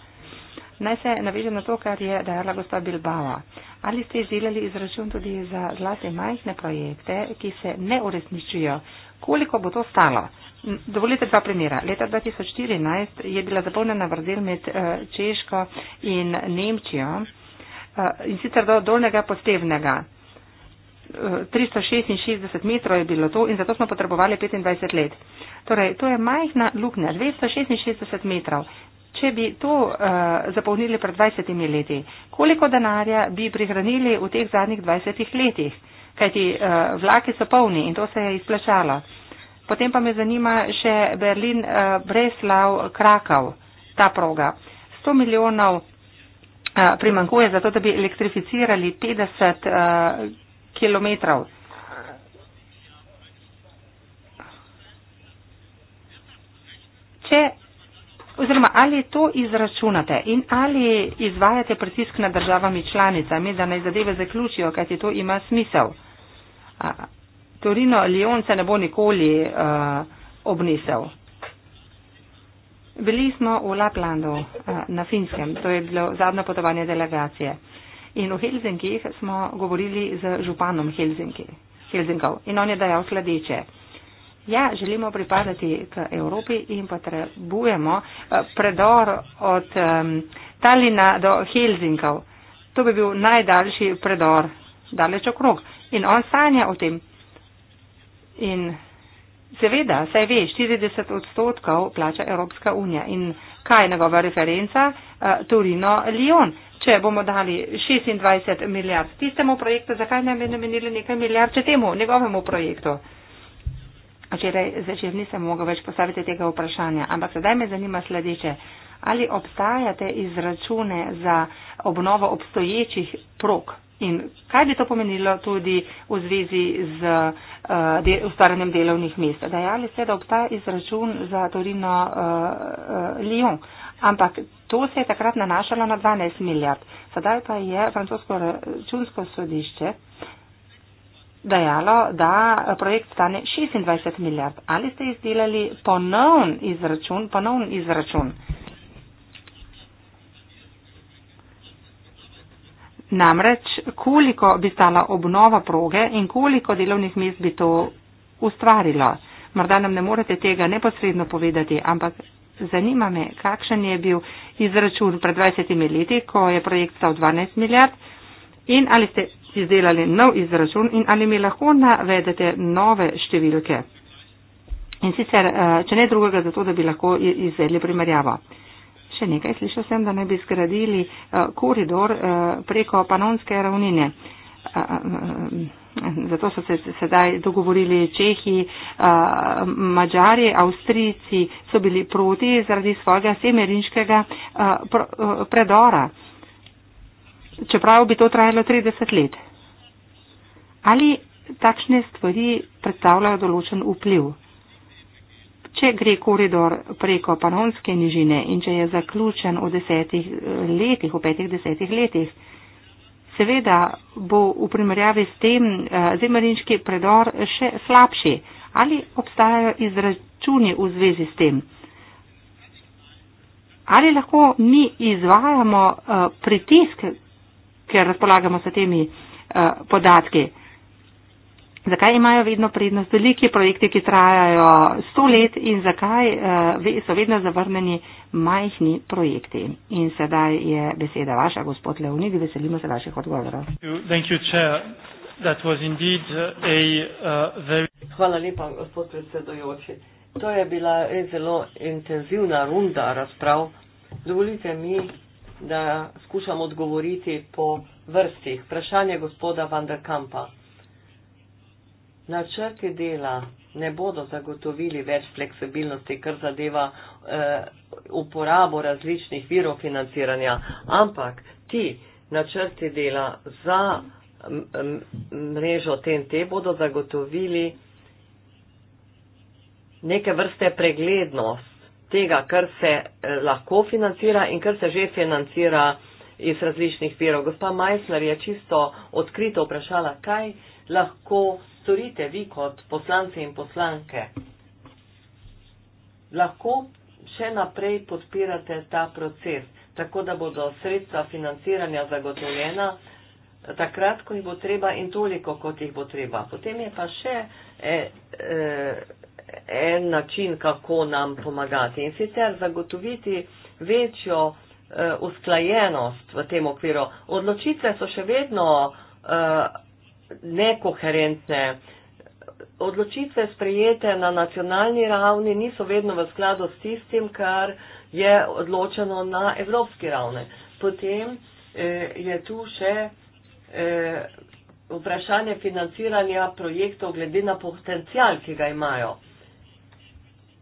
Naj se navežem na to, kar je dajala gospa Bilbao. Ali ste izdelali izračun tudi za zlate majhne projekte, ki se ne uresničujo? Koliko bo to stalo? Dovolite dva primera. Leta 2014 je bila zapolnjena vrzel med eh, Češko in Nemčijo. Eh, in sicer do dolnega postevnega. 366 eh, metrov je bilo to in zato smo potrebovali 25 let. Torej, to je majhna luknja, 266 metrov. Če bi to uh, zapolnili pred 20 leti, koliko denarja bi prihranili v teh zadnjih 20 letih? Kajti uh, vlaki so polni in to se je izplačalo. Potem pa me zanima še Berlin-Breslav-Krakov, uh, ta proga. 100 milijonov Eh, primankuje za to, da bi elektrificirali 50 uh, eh, kilometrov. Če, oziroma, ali to izračunate in ali izvajate pritisk nad državami članicami, da naj zadeve zaključijo, kajti to ima smisel. Uh, Torino Lion se ne bo nikoli uh, obnesel. Bili smo v Laplandu eh, na Finskem, to je bilo zadnje potovanje delegacije. In v Helsinkih smo govorili z županom Helsinki, Helsinkov in on je dejal sledeče. Ja, želimo pripadati k Evropi in potrebujemo eh, predor od um, Talina do Helsinkov. To bi bil najdaljši predor, daleč okrog. In on sanja o tem. In Seveda, saj veš, 40 odstotkov plača Evropska unija in kaj je njegova referenca? Eh, Turino-Lyon. Če bomo dali 26 milijard tistemu projektu, zakaj ne bi namenili nekaj milijard če temu, njegovemu projektu? Včeraj začer nisem mogel več postaviti tega vprašanja, ampak sedaj me zanima sledeče. Ali obstajate izračune za obnovo obstoječih prog, in kaj bi to pomenilo tudi v zvezi z eh, ustvarjanjem uh, de, delovnih mest. Dajali ste, da obstaja izračun za Torino uh, uh, Lyon, ampak to se je takrat nanašalo na 12 milijard. Sedaj pa je francosko računsko sodišče dajalo, da projekt stane 26 milijard. Ali ste izdelali ponovn izračun, ponovn izračun? Namreč, koliko bi stala obnova proge in koliko delovnih mest bi to ustvarilo? Morda nam ne morete tega neposredno povedati, ampak zanima me, kakšen je bil izračun pred 20 leti, ko je projekt stal 12 milijard in ali ste izdelali nov izračun in ali mi lahko navedete nove številke. In sicer, eh, če ne drugega, zato da bi lahko izvedli primerjavo še nekaj slišal sem, da naj bi zgradili eh, koridor eh, preko Panonske ravnine. Eh, zato so se sedaj dogovorili Čehi, Mačari, Avstrijci so bili proti zaradi svojega semerinškega predora. Čeprav bi to trajalo 30 let. Ali takšne stvari predstavljajo določen vpliv? Če gre koridor preko Panonske nižine in če je zaključen v desetih letih, v petih desetih letih, seveda bo v primerjavi s tem eh, zemljiški predor še slabši. Ali obstajajo izračuni v zvezi s tem? Ali lahko mi izvajamo eh, pritisk, ker razpolagamo s temi eh, podatki? zakaj imajo vedno prednost veliki projekti, ki trajajo sto let in zakaj eh, so vedno zavrneni majhni projekti. In sedaj je beseda vaša, gospod Leonik, veselimo se vaših odgovorov. Hvala lepa, gospod predsedojoči. To je bila zelo intenzivna runda razprav. Dovolite mi, da skušam odgovoriti po vrstih. Vprašanje gospoda Vanderkampa načrti dela ne bodo zagotovili več fleksibilnosti, kar zadeva eh, uporabo različnih virov financiranja, ampak ti načrti dela za mrežo TNT bodo zagotovili neke vrste preglednost tega, kar se eh, lahko financira in kar se že financira iz različnih virov. Gospa Majsner je čisto odkrito vprašala, kaj lahko storite vi kot poslanci in poslanke, lahko še naprej podpirate ta proces, tako da bodo sredstva financiranja zagotovljena eh, takrat, ko jih bo treba in toliko, kot jih bo treba. Potem je pa še eh, eh, en e, e, način, kako nam pomagati in sicer zagotoviti večjo e, usklajenost v tem okviru. Odločitve so še vedno e, nekoherentne. Odločitve sprejete na nacionalni ravni niso vedno v skladu s tistim, kar je odločeno na evropski ravni. Potem eh, je tu še eh, vprašanje financiranja projektov glede na potencial, ki ga imajo.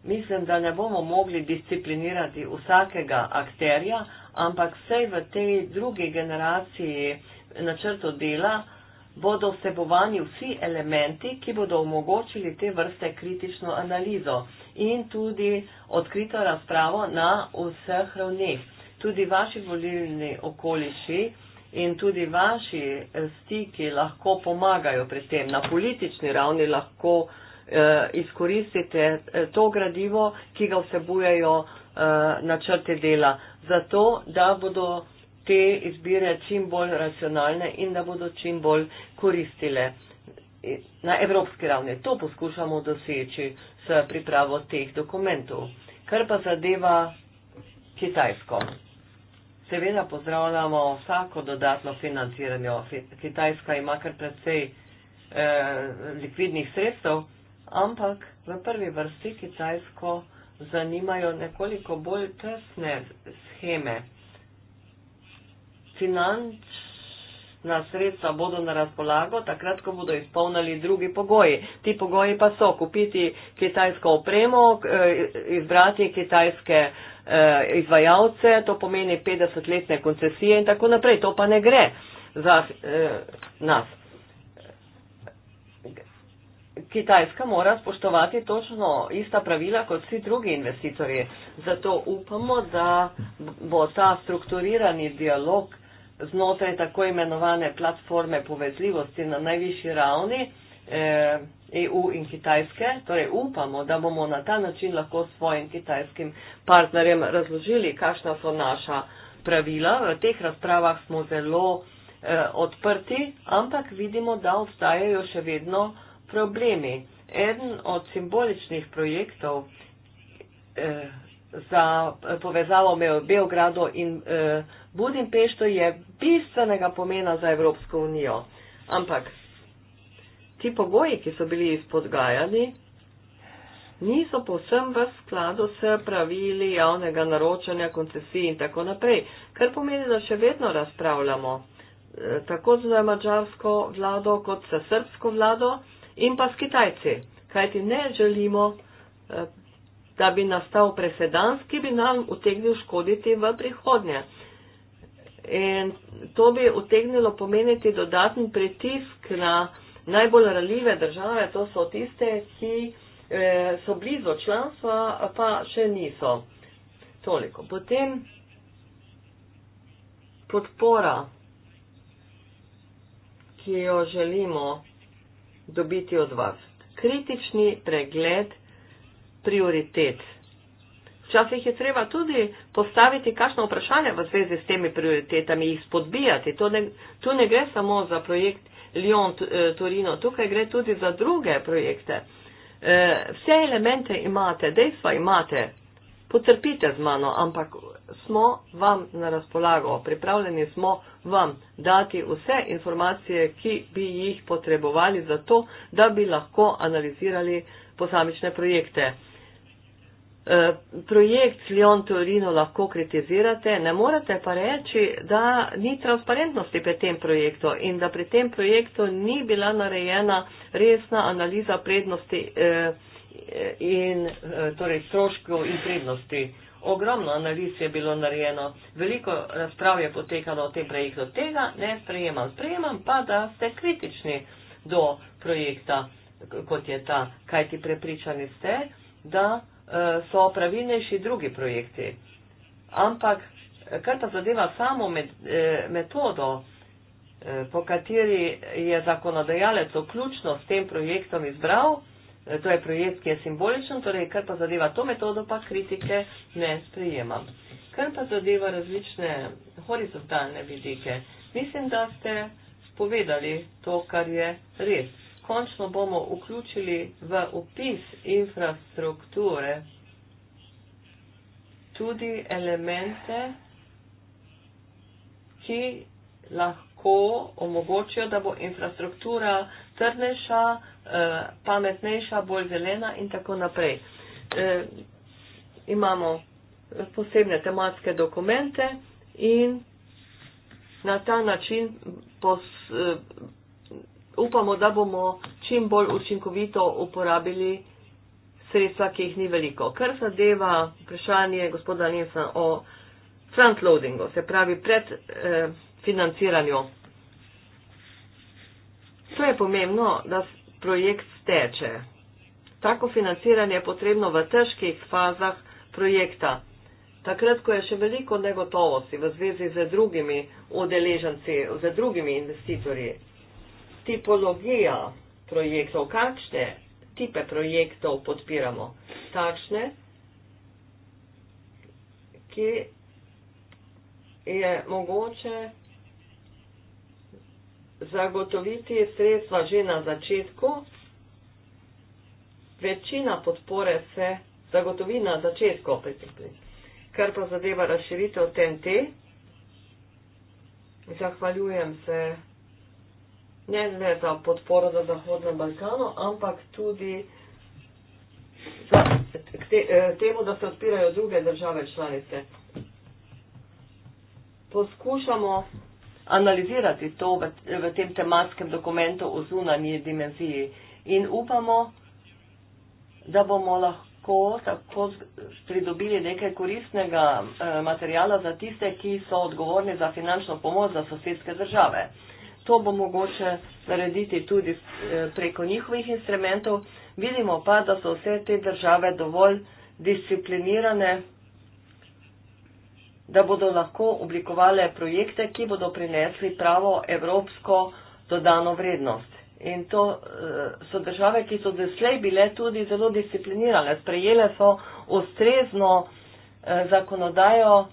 Mislim, da ne bomo mogli disciplinirati vsakega akterja, ampak vsej v tej drugi generaciji načrto dela bodo vsebovani vsi elementi, ki bodo omogočili te vrste kritično analizo in tudi odkrito razpravo na vseh ravneh. Tudi vaši volilni okoliši in tudi vaši stiki lahko pomagajo pri tem. Na politični ravni lahko eh, izkoristite eh, to gradivo, ki ga vsebujejo eh, načrte dela, zato da bodo te izbire čim bolj racionalne in da bodo čim bolj koristile na evropski ravni. To poskušamo doseči s pripravo teh dokumentov. Kar pa zadeva Kitajsko. Seveda pozdravljamo vsako dodatno financiranje. Kitajska ima kar precej eh, likvidnih sredstev, ampak v prvi vrsti Kitajsko zanimajo nekoliko bolj tesne scheme finančna sredstva bodo na razpolago, takrat, ko bodo izpolnili drugi pogoji. Ti pogoji pa so kupiti kitajsko opremo, eh, izbrati kitajske eh, izvajalce, to pomeni 50-letne koncesije in tako naprej. To pa ne gre za eh, nas. Kitajska mora spoštovati točno ista pravila kot vsi drugi investitorji. Zato upamo, da bo ta strukturirani dialog znotraj tako imenovane platforme povezljivosti na najvišji ravni eh, EU in Kitajske. Torej upamo, da bomo na ta način lahko svojim kitajskim partnerjem razložili, kakšna so naša pravila. V teh razpravah smo zelo eh, odprti, ampak vidimo, da obstajajo še vedno problemi. Eden od simboličnih projektov, eh, za eh, povezavo med Beogradom in eh, Budimpešto je bistvenega pomena za Evropsko unijo. Ampak ti pogoji, ki so bili izpodgajani, niso povsem v skladu s pravili javnega naročanja, koncesij in tako naprej. Kar pomeni, da še vedno razpravljamo eh, tako z mađarsko vlado kot s srbsko vlado in pa s kitajci. Kajti ne želimo. Eh, da bi nastal presedans, ki bi nam utegnil škoditi v prihodnje. In to bi utegnilo pomeniti dodatni pritisk na najbolj raljive države, to so tiste, ki eh, so blizu članstva, pa še niso. Toliko. Potem podpora, ki jo želimo dobiti od vas. Kritični pregled prioritet. Včasih je treba tudi postaviti kakšno vprašanje v zvezi s temi prioritetami, jih spodbijati. Ne, tu ne gre samo za projekt Lyon-Torino, eh, tukaj gre tudi za druge projekte. Eh, vse elemente imate, dejstva imate, potrpite z mano, ampak smo vam na razpolago, pripravljeni smo vam dati vse informacije, ki bi jih potrebovali za to, da bi lahko analizirali posamične projekte. Eh, projekt Lyon Torino lahko kritizirate, ne morete pa reči, da ni transparentnosti pri tem projektu in da pri tem projektu ni bila narejena resna analiza prednosti eh, in eh, torej stroškov in prednosti. Ogromno analiz je bilo narejeno, veliko razprav je potekalo o tem projektu. Tega ne sprejemam. Sprejemam pa, da ste kritični do projekta, kot je ta, kajti prepričani ste, da so pravilnejši drugi projekti. Ampak, kar pa zadeva samo med, eh, metodo, eh, po kateri je zakonodajalec vključno s tem projektom izbral, eh, to je projekt, ki je simboličen, torej, kar pa zadeva to metodo, pa kritike ne sprejemam. Kar pa zadeva različne horizontalne vidike, mislim, da ste povedali to, kar je res končno bomo vključili v opis infrastrukture tudi elemente, ki lahko omogočijo, da bo infrastruktura trdnejša, eh, pametnejša, bolj zelena in tako naprej. Eh, imamo posebne tematske dokumente in na ta način posebej eh, upamo, da bomo čim bolj učinkovito uporabili sredstva, ki jih ni veliko. Kar zadeva vprašanje gospoda Nilsa o frontloadingu, se pravi pred eh, financiranju. To je pomembno, da projekt steče. Tako financiranje je potrebno v težkih fazah projekta. Takrat, ko je še veliko negotovosti v zvezi z drugimi udeleženci, z drugimi investitorji, tipologija projektov, kakšne tipe projektov podpiramo. Takšne, ki je mogoče zagotoviti sredstva že na začetku. Večina podpore se zagotovi na začetku. Kar pa zadeva razširitev TNT, zahvaljujem se ne le za podporo za Zahodno Balkano, ampak tudi za, k te, eh, temu, da se odpirajo druge države članice. Poskušamo analizirati to v, v tem tematskem dokumentu o zunanji dimenziji in upamo, da bomo lahko tako pridobili nekaj koristnega eh, materijala za tiste, ki so odgovorni za finančno pomoč za sosedske države to bo mogoče narediti tudi eh, preko njihovih instrumentov. Vidimo pa, da so vse te države dovolj disciplinirane, da bodo lahko oblikovale projekte, ki bodo prinesli pravo evropsko dodano vrednost. In to eh, so države, ki so doslej bile tudi zelo disciplinirane, sprejele so ustrezno eh, zakonodajo,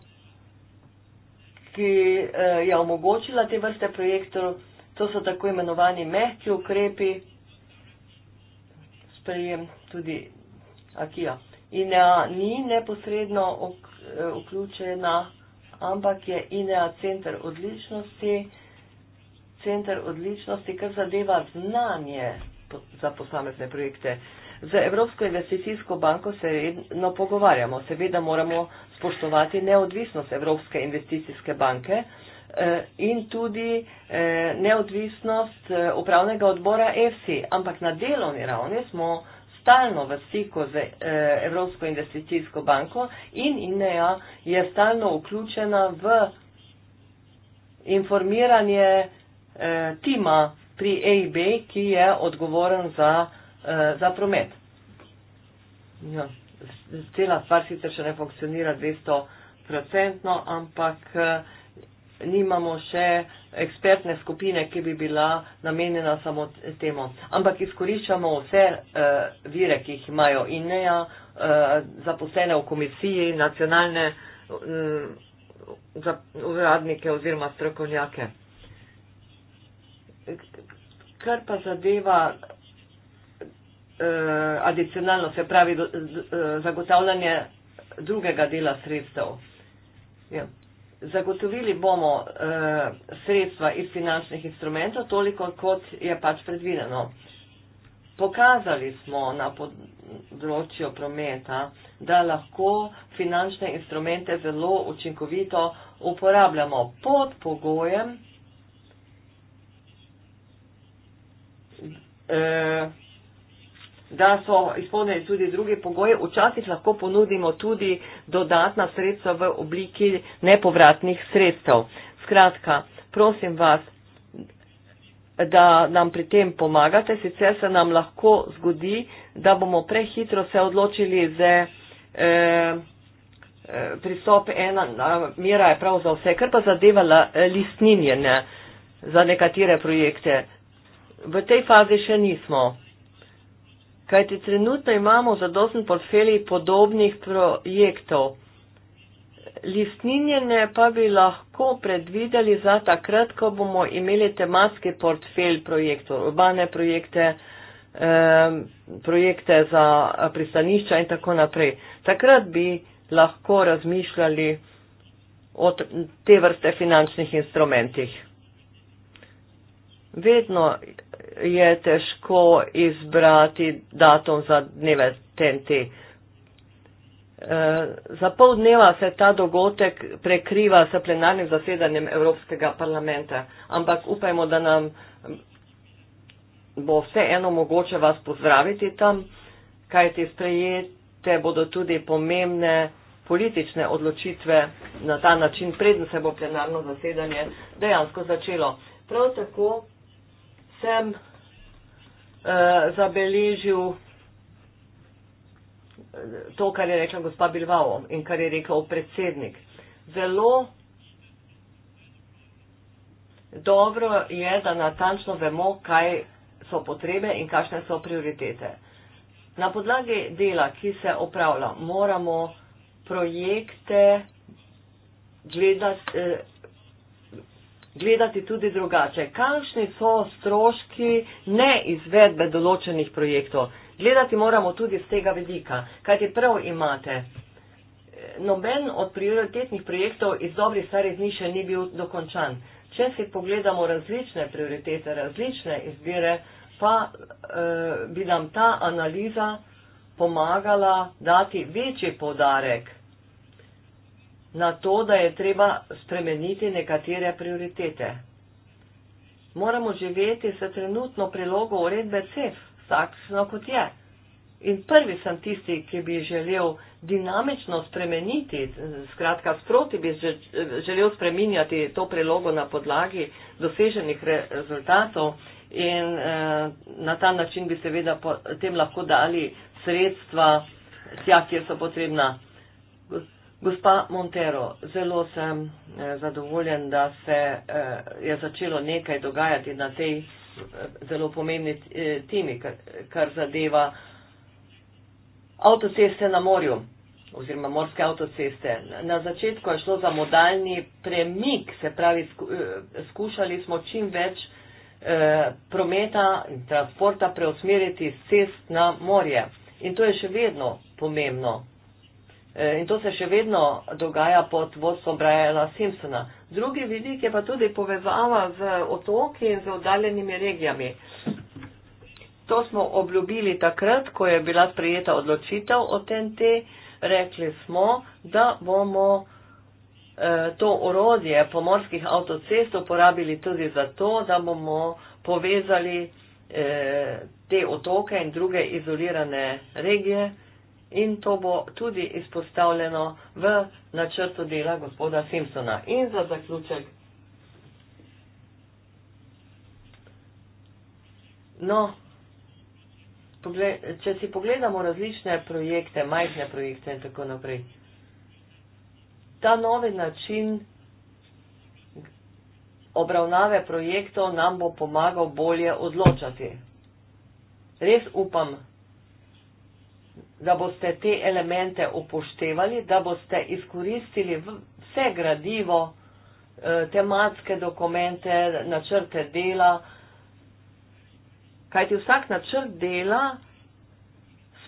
ki eh, je omogočila te vrste projektov, to so tako imenovani mehki ukrepi, sprejem tudi Akija. Inea eh, ni neposredno eh, vključena, ampak je Inea center odličnosti, center odličnosti, kar zadeva znanje za posamezne projekte. Z Evropsko investicijsko banko se redno pogovarjamo. Seveda moramo spoštovati neodvisnost Evropske investicijske banke eh, in tudi eh, neodvisnost eh, upravnega odbora EFSI. Ampak na delovni ravni smo stalno v stiku z Evropsko investicijsko banko in INEA je stalno vključena v informiranje tima pri EIB, ki je odgovoren za, za promet. Ja cela stvar sicer še ne funkcionira 200-procentno, ampak eh, nimamo še ekspertne skupine, ki bi bila namenjena samo temu. Ampak izkoriščamo vse uh, vire, ki jih imajo INEA, ja, uh, eh, zaposlene v komisiji, nacionalne mm, uradnike um, oziroma strokovnjake. Kar pa zadeva eh, adicionalno, se pravi do, z, eh, zagotavljanje drugega dela sredstev. Ja. Zagotovili bomo eh, sredstva iz finančnih instrumentov toliko, kot je pač predvideno. Pokazali smo na področju prometa, da lahko finančne instrumente zelo učinkovito uporabljamo pod pogojem, eh, da so izpolnjeni tudi drugi pogoji, včasih lahko ponudimo tudi dodatna sredstva v obliki nepovratnih sredstev. Skratka, prosim vas, da nam pri tem pomagate, sicer se nam lahko zgodi, da bomo prehitro se odločili za eh, eh, pristop ena, mera je prav za vse, kar pa zadeva eh, listninjene za nekatere projekte. V tej fazi še nismo kajti trenutno imamo zadosten portfelj podobnih projektov. Listninjene pa bi lahko predvideli za takrat, ko bomo imeli tematski portfelj projektov, urbane projekte, projekte za eh, pristanišča in tako naprej. Takrat bi lahko razmišljali o te vrste finančnih instrumentih. Vedno je težko izbrati datum za dneve TNT. E, eh, za pol dneva se ta dogodek prekriva s plenarnim zasedanjem Evropskega parlamenta, ampak upajmo, da nam bo vse eno mogoče vas pozdraviti tam, kajti sprejete bodo tudi pomembne politične odločitve na ta način, predn se bo plenarno zasedanje dejansko začelo. Prav tako sem uh, zabeležil eh, to, kar je rekla gospa Bilvao in kar je rekel predsednik. Zelo dobro je, da natančno vemo, kaj so potrebe in kakšne so prioritete. Na podlagi dela, ki se opravlja, moramo projekte gledati. Uh, gledati tudi drugače, kakšni so stroški neizvedbe določenih projektov. Gledati moramo tudi z tega vidika, kajti prav imate. Noben od prioritetnih projektov iz dobrih starih dni še ni bil dokončan. Če si pogledamo različne prioritete, različne izbire, pa eh, bi nam ta analiza pomagala dati večji podarek na to, da je treba spremeniti nekatere prioritete. Moramo živeti se trenutno prilogo uredbe CEF, takšno kot je. In prvi sem tisti, ki bi želel dinamično spremeniti, skratka sproti bi želel spreminjati to prilogo na podlagi doseženih rezultatov in eh, na ta način bi seveda tem lahko dali sredstva, tja, kjer so potrebna. Gospa Montero, zelo sem eh, zadovoljen, da se eh, je začelo nekaj dogajati na tej eh, zelo pomembni temi, kar zadeva avtoceste na morju oziroma morske avtoceste. Na začetku je šlo za modalni premik, se pravi, skušali smo čim več prometa in transporta preusmeriti cest na morje. In to je še vedno pomembno. Eh, in to se še vedno dogaja pod vodstvom Brajana Simpsona. Drugi vidik je pa tudi povezava z otoki in z oddaljenimi regijami. To smo obljubili takrat, ko je bila sprejeta odločitev o TNT. Rekli smo, da bomo eh, to orodje pomorskih avtocest uporabili tudi zato, da bomo povezali eh, te otoke in druge izolirane regije in to bo tudi izpostavljeno v načrtu dela gospoda Simpsona. In za zaključek. No, če si pogledamo različne projekte, majhne projekte in tako naprej, ta novi način obravnave projektov nam bo pomagal bolje odločati. Res upam, da boste te elemente upoštevali, da boste izkoristili vse gradivo, eh, tematske dokumente, načrte dela, kajti vsak načrt dela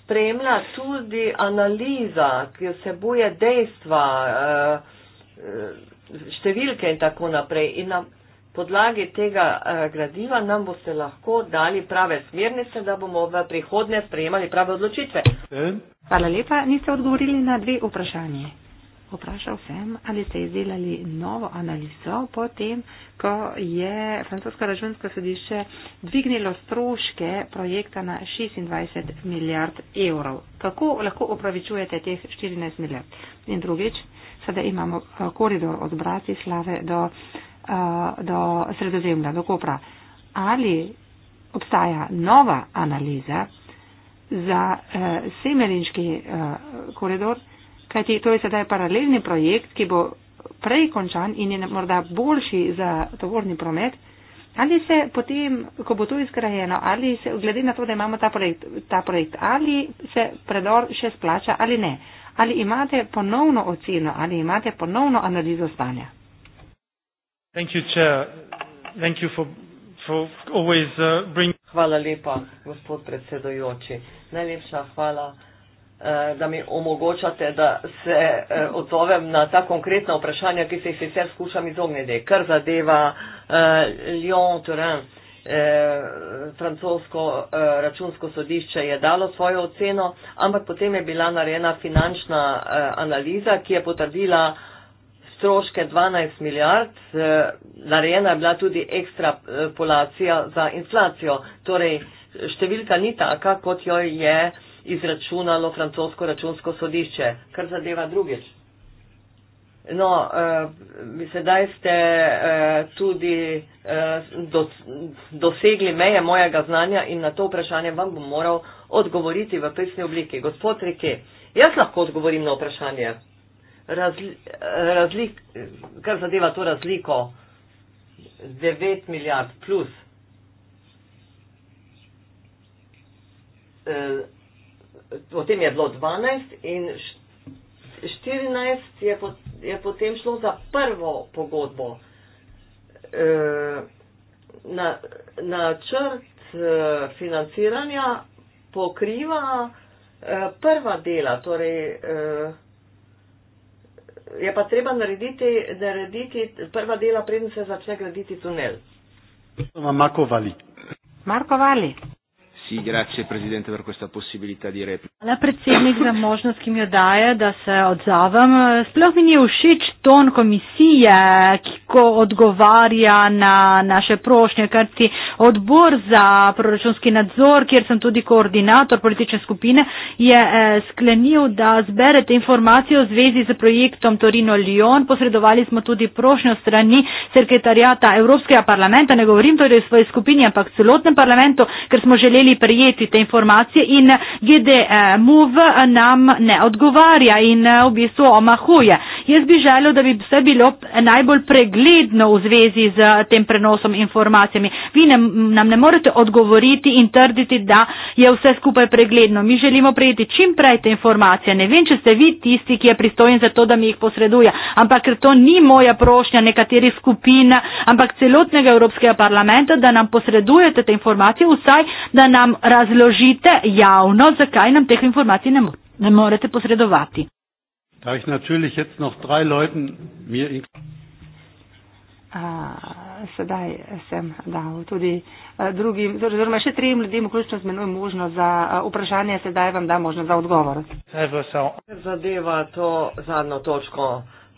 spremlja tudi analiza, ki vsebuje dejstva, eh, eh, številke in tako naprej. In podlagi tega eh, gradiva nam boste lahko dali prave smernice, da bomo v prihodnje sprejemali prave odločitve. Hvala lepa, niste odgovorili na dve vprašanje. Vprašal sem, ali ste izdelali novo analizo potem, ko je francosko računsko sodišče dvignilo stroške projekta na 26 milijard evrov. Kako lahko upravičujete teh 14 milijard? In drugič, sedaj imamo eh, koridor od Bratislave do. Eh, do sredozemlja, do Kopra. Ali obstaja nova analiza za uh, eh, semelinski uh, eh, koridor, kajti to je sedaj paralelni projekt, ki bo prej končan in je morda boljši za tovorni promet. Ali se potem, ko bo to izgrajeno, ali se, glede na to, da imamo ta projekt, ta projekt, ali se predor še splača ali ne? Ali imate ponovno oceno, ali imate ponovno analizo stanja? Thank you, chair. Thank you for, for always, uh, bring... Hvala lepa, gospod predsedujoči. Najlepša hvala, uh, da mi omogočate, da se uh, odzovem na ta konkretna vprašanja, ki se jih sicer skušam izogniti, kar zadeva uh, Lyon Turin. Eh, francosko eh, računsko sodišče je dalo svojo oceno, ampak potem je bila narejena finančna eh, analiza, ki je potrdila eh, stroške 12 milijard, eh, narejena je bila tudi ekstrapolacija za inflacijo. Torej, številka ni taka, kot jo je izračunalo francosko računsko sodišče. Kar zadeva drugič. No, eh, sedaj ste eh, tudi eh, do, dosegli meje mojega znanja in na to vprašanje vam bom moral odgovoriti v pisni obliki. Gospod Rike, jaz lahko odgovorim na vprašanje razlik, kar zadeva to razliko, 9 milijard plus. Eh, o tem je bilo 12 in 14 je, po, je potem šlo za prvo pogodbo. Eh, na, na črt eh, financiranja pokriva prva dela, torej je pa treba narediti, narediti prva dela, preden se začne graditi tunel. Marko Vali. Marko Vali. Hvala predsednik za možnost, ki mi jo daje, da se odzavam. Sploh mi ni všeč ton komisije, ki ko odgovarja na naše prošnje, kar ti odbor za proračunski nadzor, kjer sem tudi koordinator politične skupine, je eh, sklenil, da zberete informacije o zvezi z projektom Torino-Lyon. Posredovali smo tudi prošnjo strani sekretarjata Evropskega parlamenta, ne govorim torej o svoji skupini, ampak celotnem parlamentu, ker smo želeli prijeti te informacije in eh, GDMUV eh, nam ne odgovarja in v bistvu omahuje. Jaz bi želel, bilo, da bi vse bilo najbolj pregledno v zvezi z tem prenosom informacijami. Vi ne, nam ne morete odgovoriti in trditi, da je vse skupaj pregledno. Mi želimo prejeti čim prej te informacije. Ne vem, če ste vi tisti, ki je pristojen za to, da mi jih posreduje, ampak ker to ni moja prošnja nekaterih skupin, ampak celotnega Evropskega parlamenta, da nam posredujete te informacije, vsaj da nam razložite javno, zakaj nam teh informacij ne, ne morete posredovati. Da ich natürlich jetzt noch drei Leuten mir in A, sedaj sem dal tudi a, drugim, torej, oziroma še trim ljudem, vključno z menoj, možnost za a, vprašanje, sedaj vam da možnost za odgovor. Zadeva to zadnjo točko.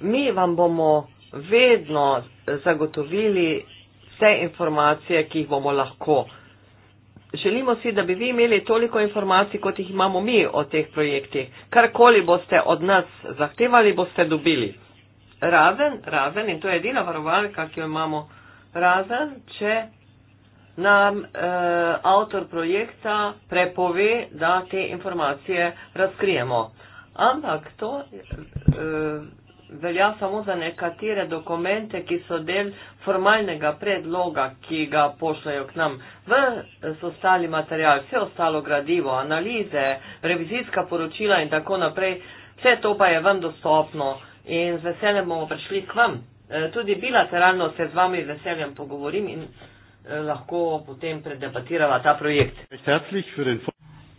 Mi vam bomo vedno zagotovili vse informacije, ki jih bomo lahko. Želimo si, da bi vi imeli toliko informacij, kot jih imamo mi o teh projektih. Karkoli boste od nas zahtevali, boste dobili. Razen, razen, in to je edina varovalka, ki jo imamo, razen, če nam eh, avtor projekta prepove, da te informacije razkrijemo. Ampak to. Eh, velja samo za nekatere dokumente, ki so del formalnega predloga, ki ga pošljajo k nam. V eh, ostali material, vse ostalo gradivo, analize, revizijska poročila in tako naprej, vse to pa je vam dostopno in z veseljem bomo prišli k vam. Eh, tudi bilateralno se z vami veseljem pogovorim in eh, lahko potem predebatirava ta projekt.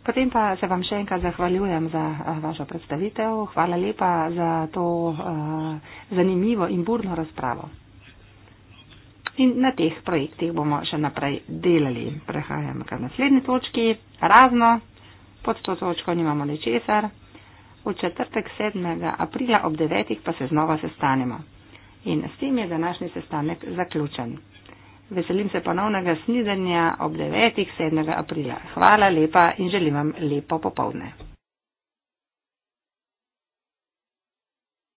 Potem pa se vam še enkrat zahvaljujem za eh, vašo predstavitev. Hvala lepa za to eh, zanimivo in burno razpravo. In na teh projektih bomo še naprej delali. Prehajam k naslednji točki. Razno, pod to točko nimamo ničesar. V četrtek 7. aprila ob 9. pa se znova sestanemo. In s tem je današnji sestanek zaključen veselim se ponovnega snidenja ob 9. 7. aprila. Hvala lepa in želim vam lepo popovdne.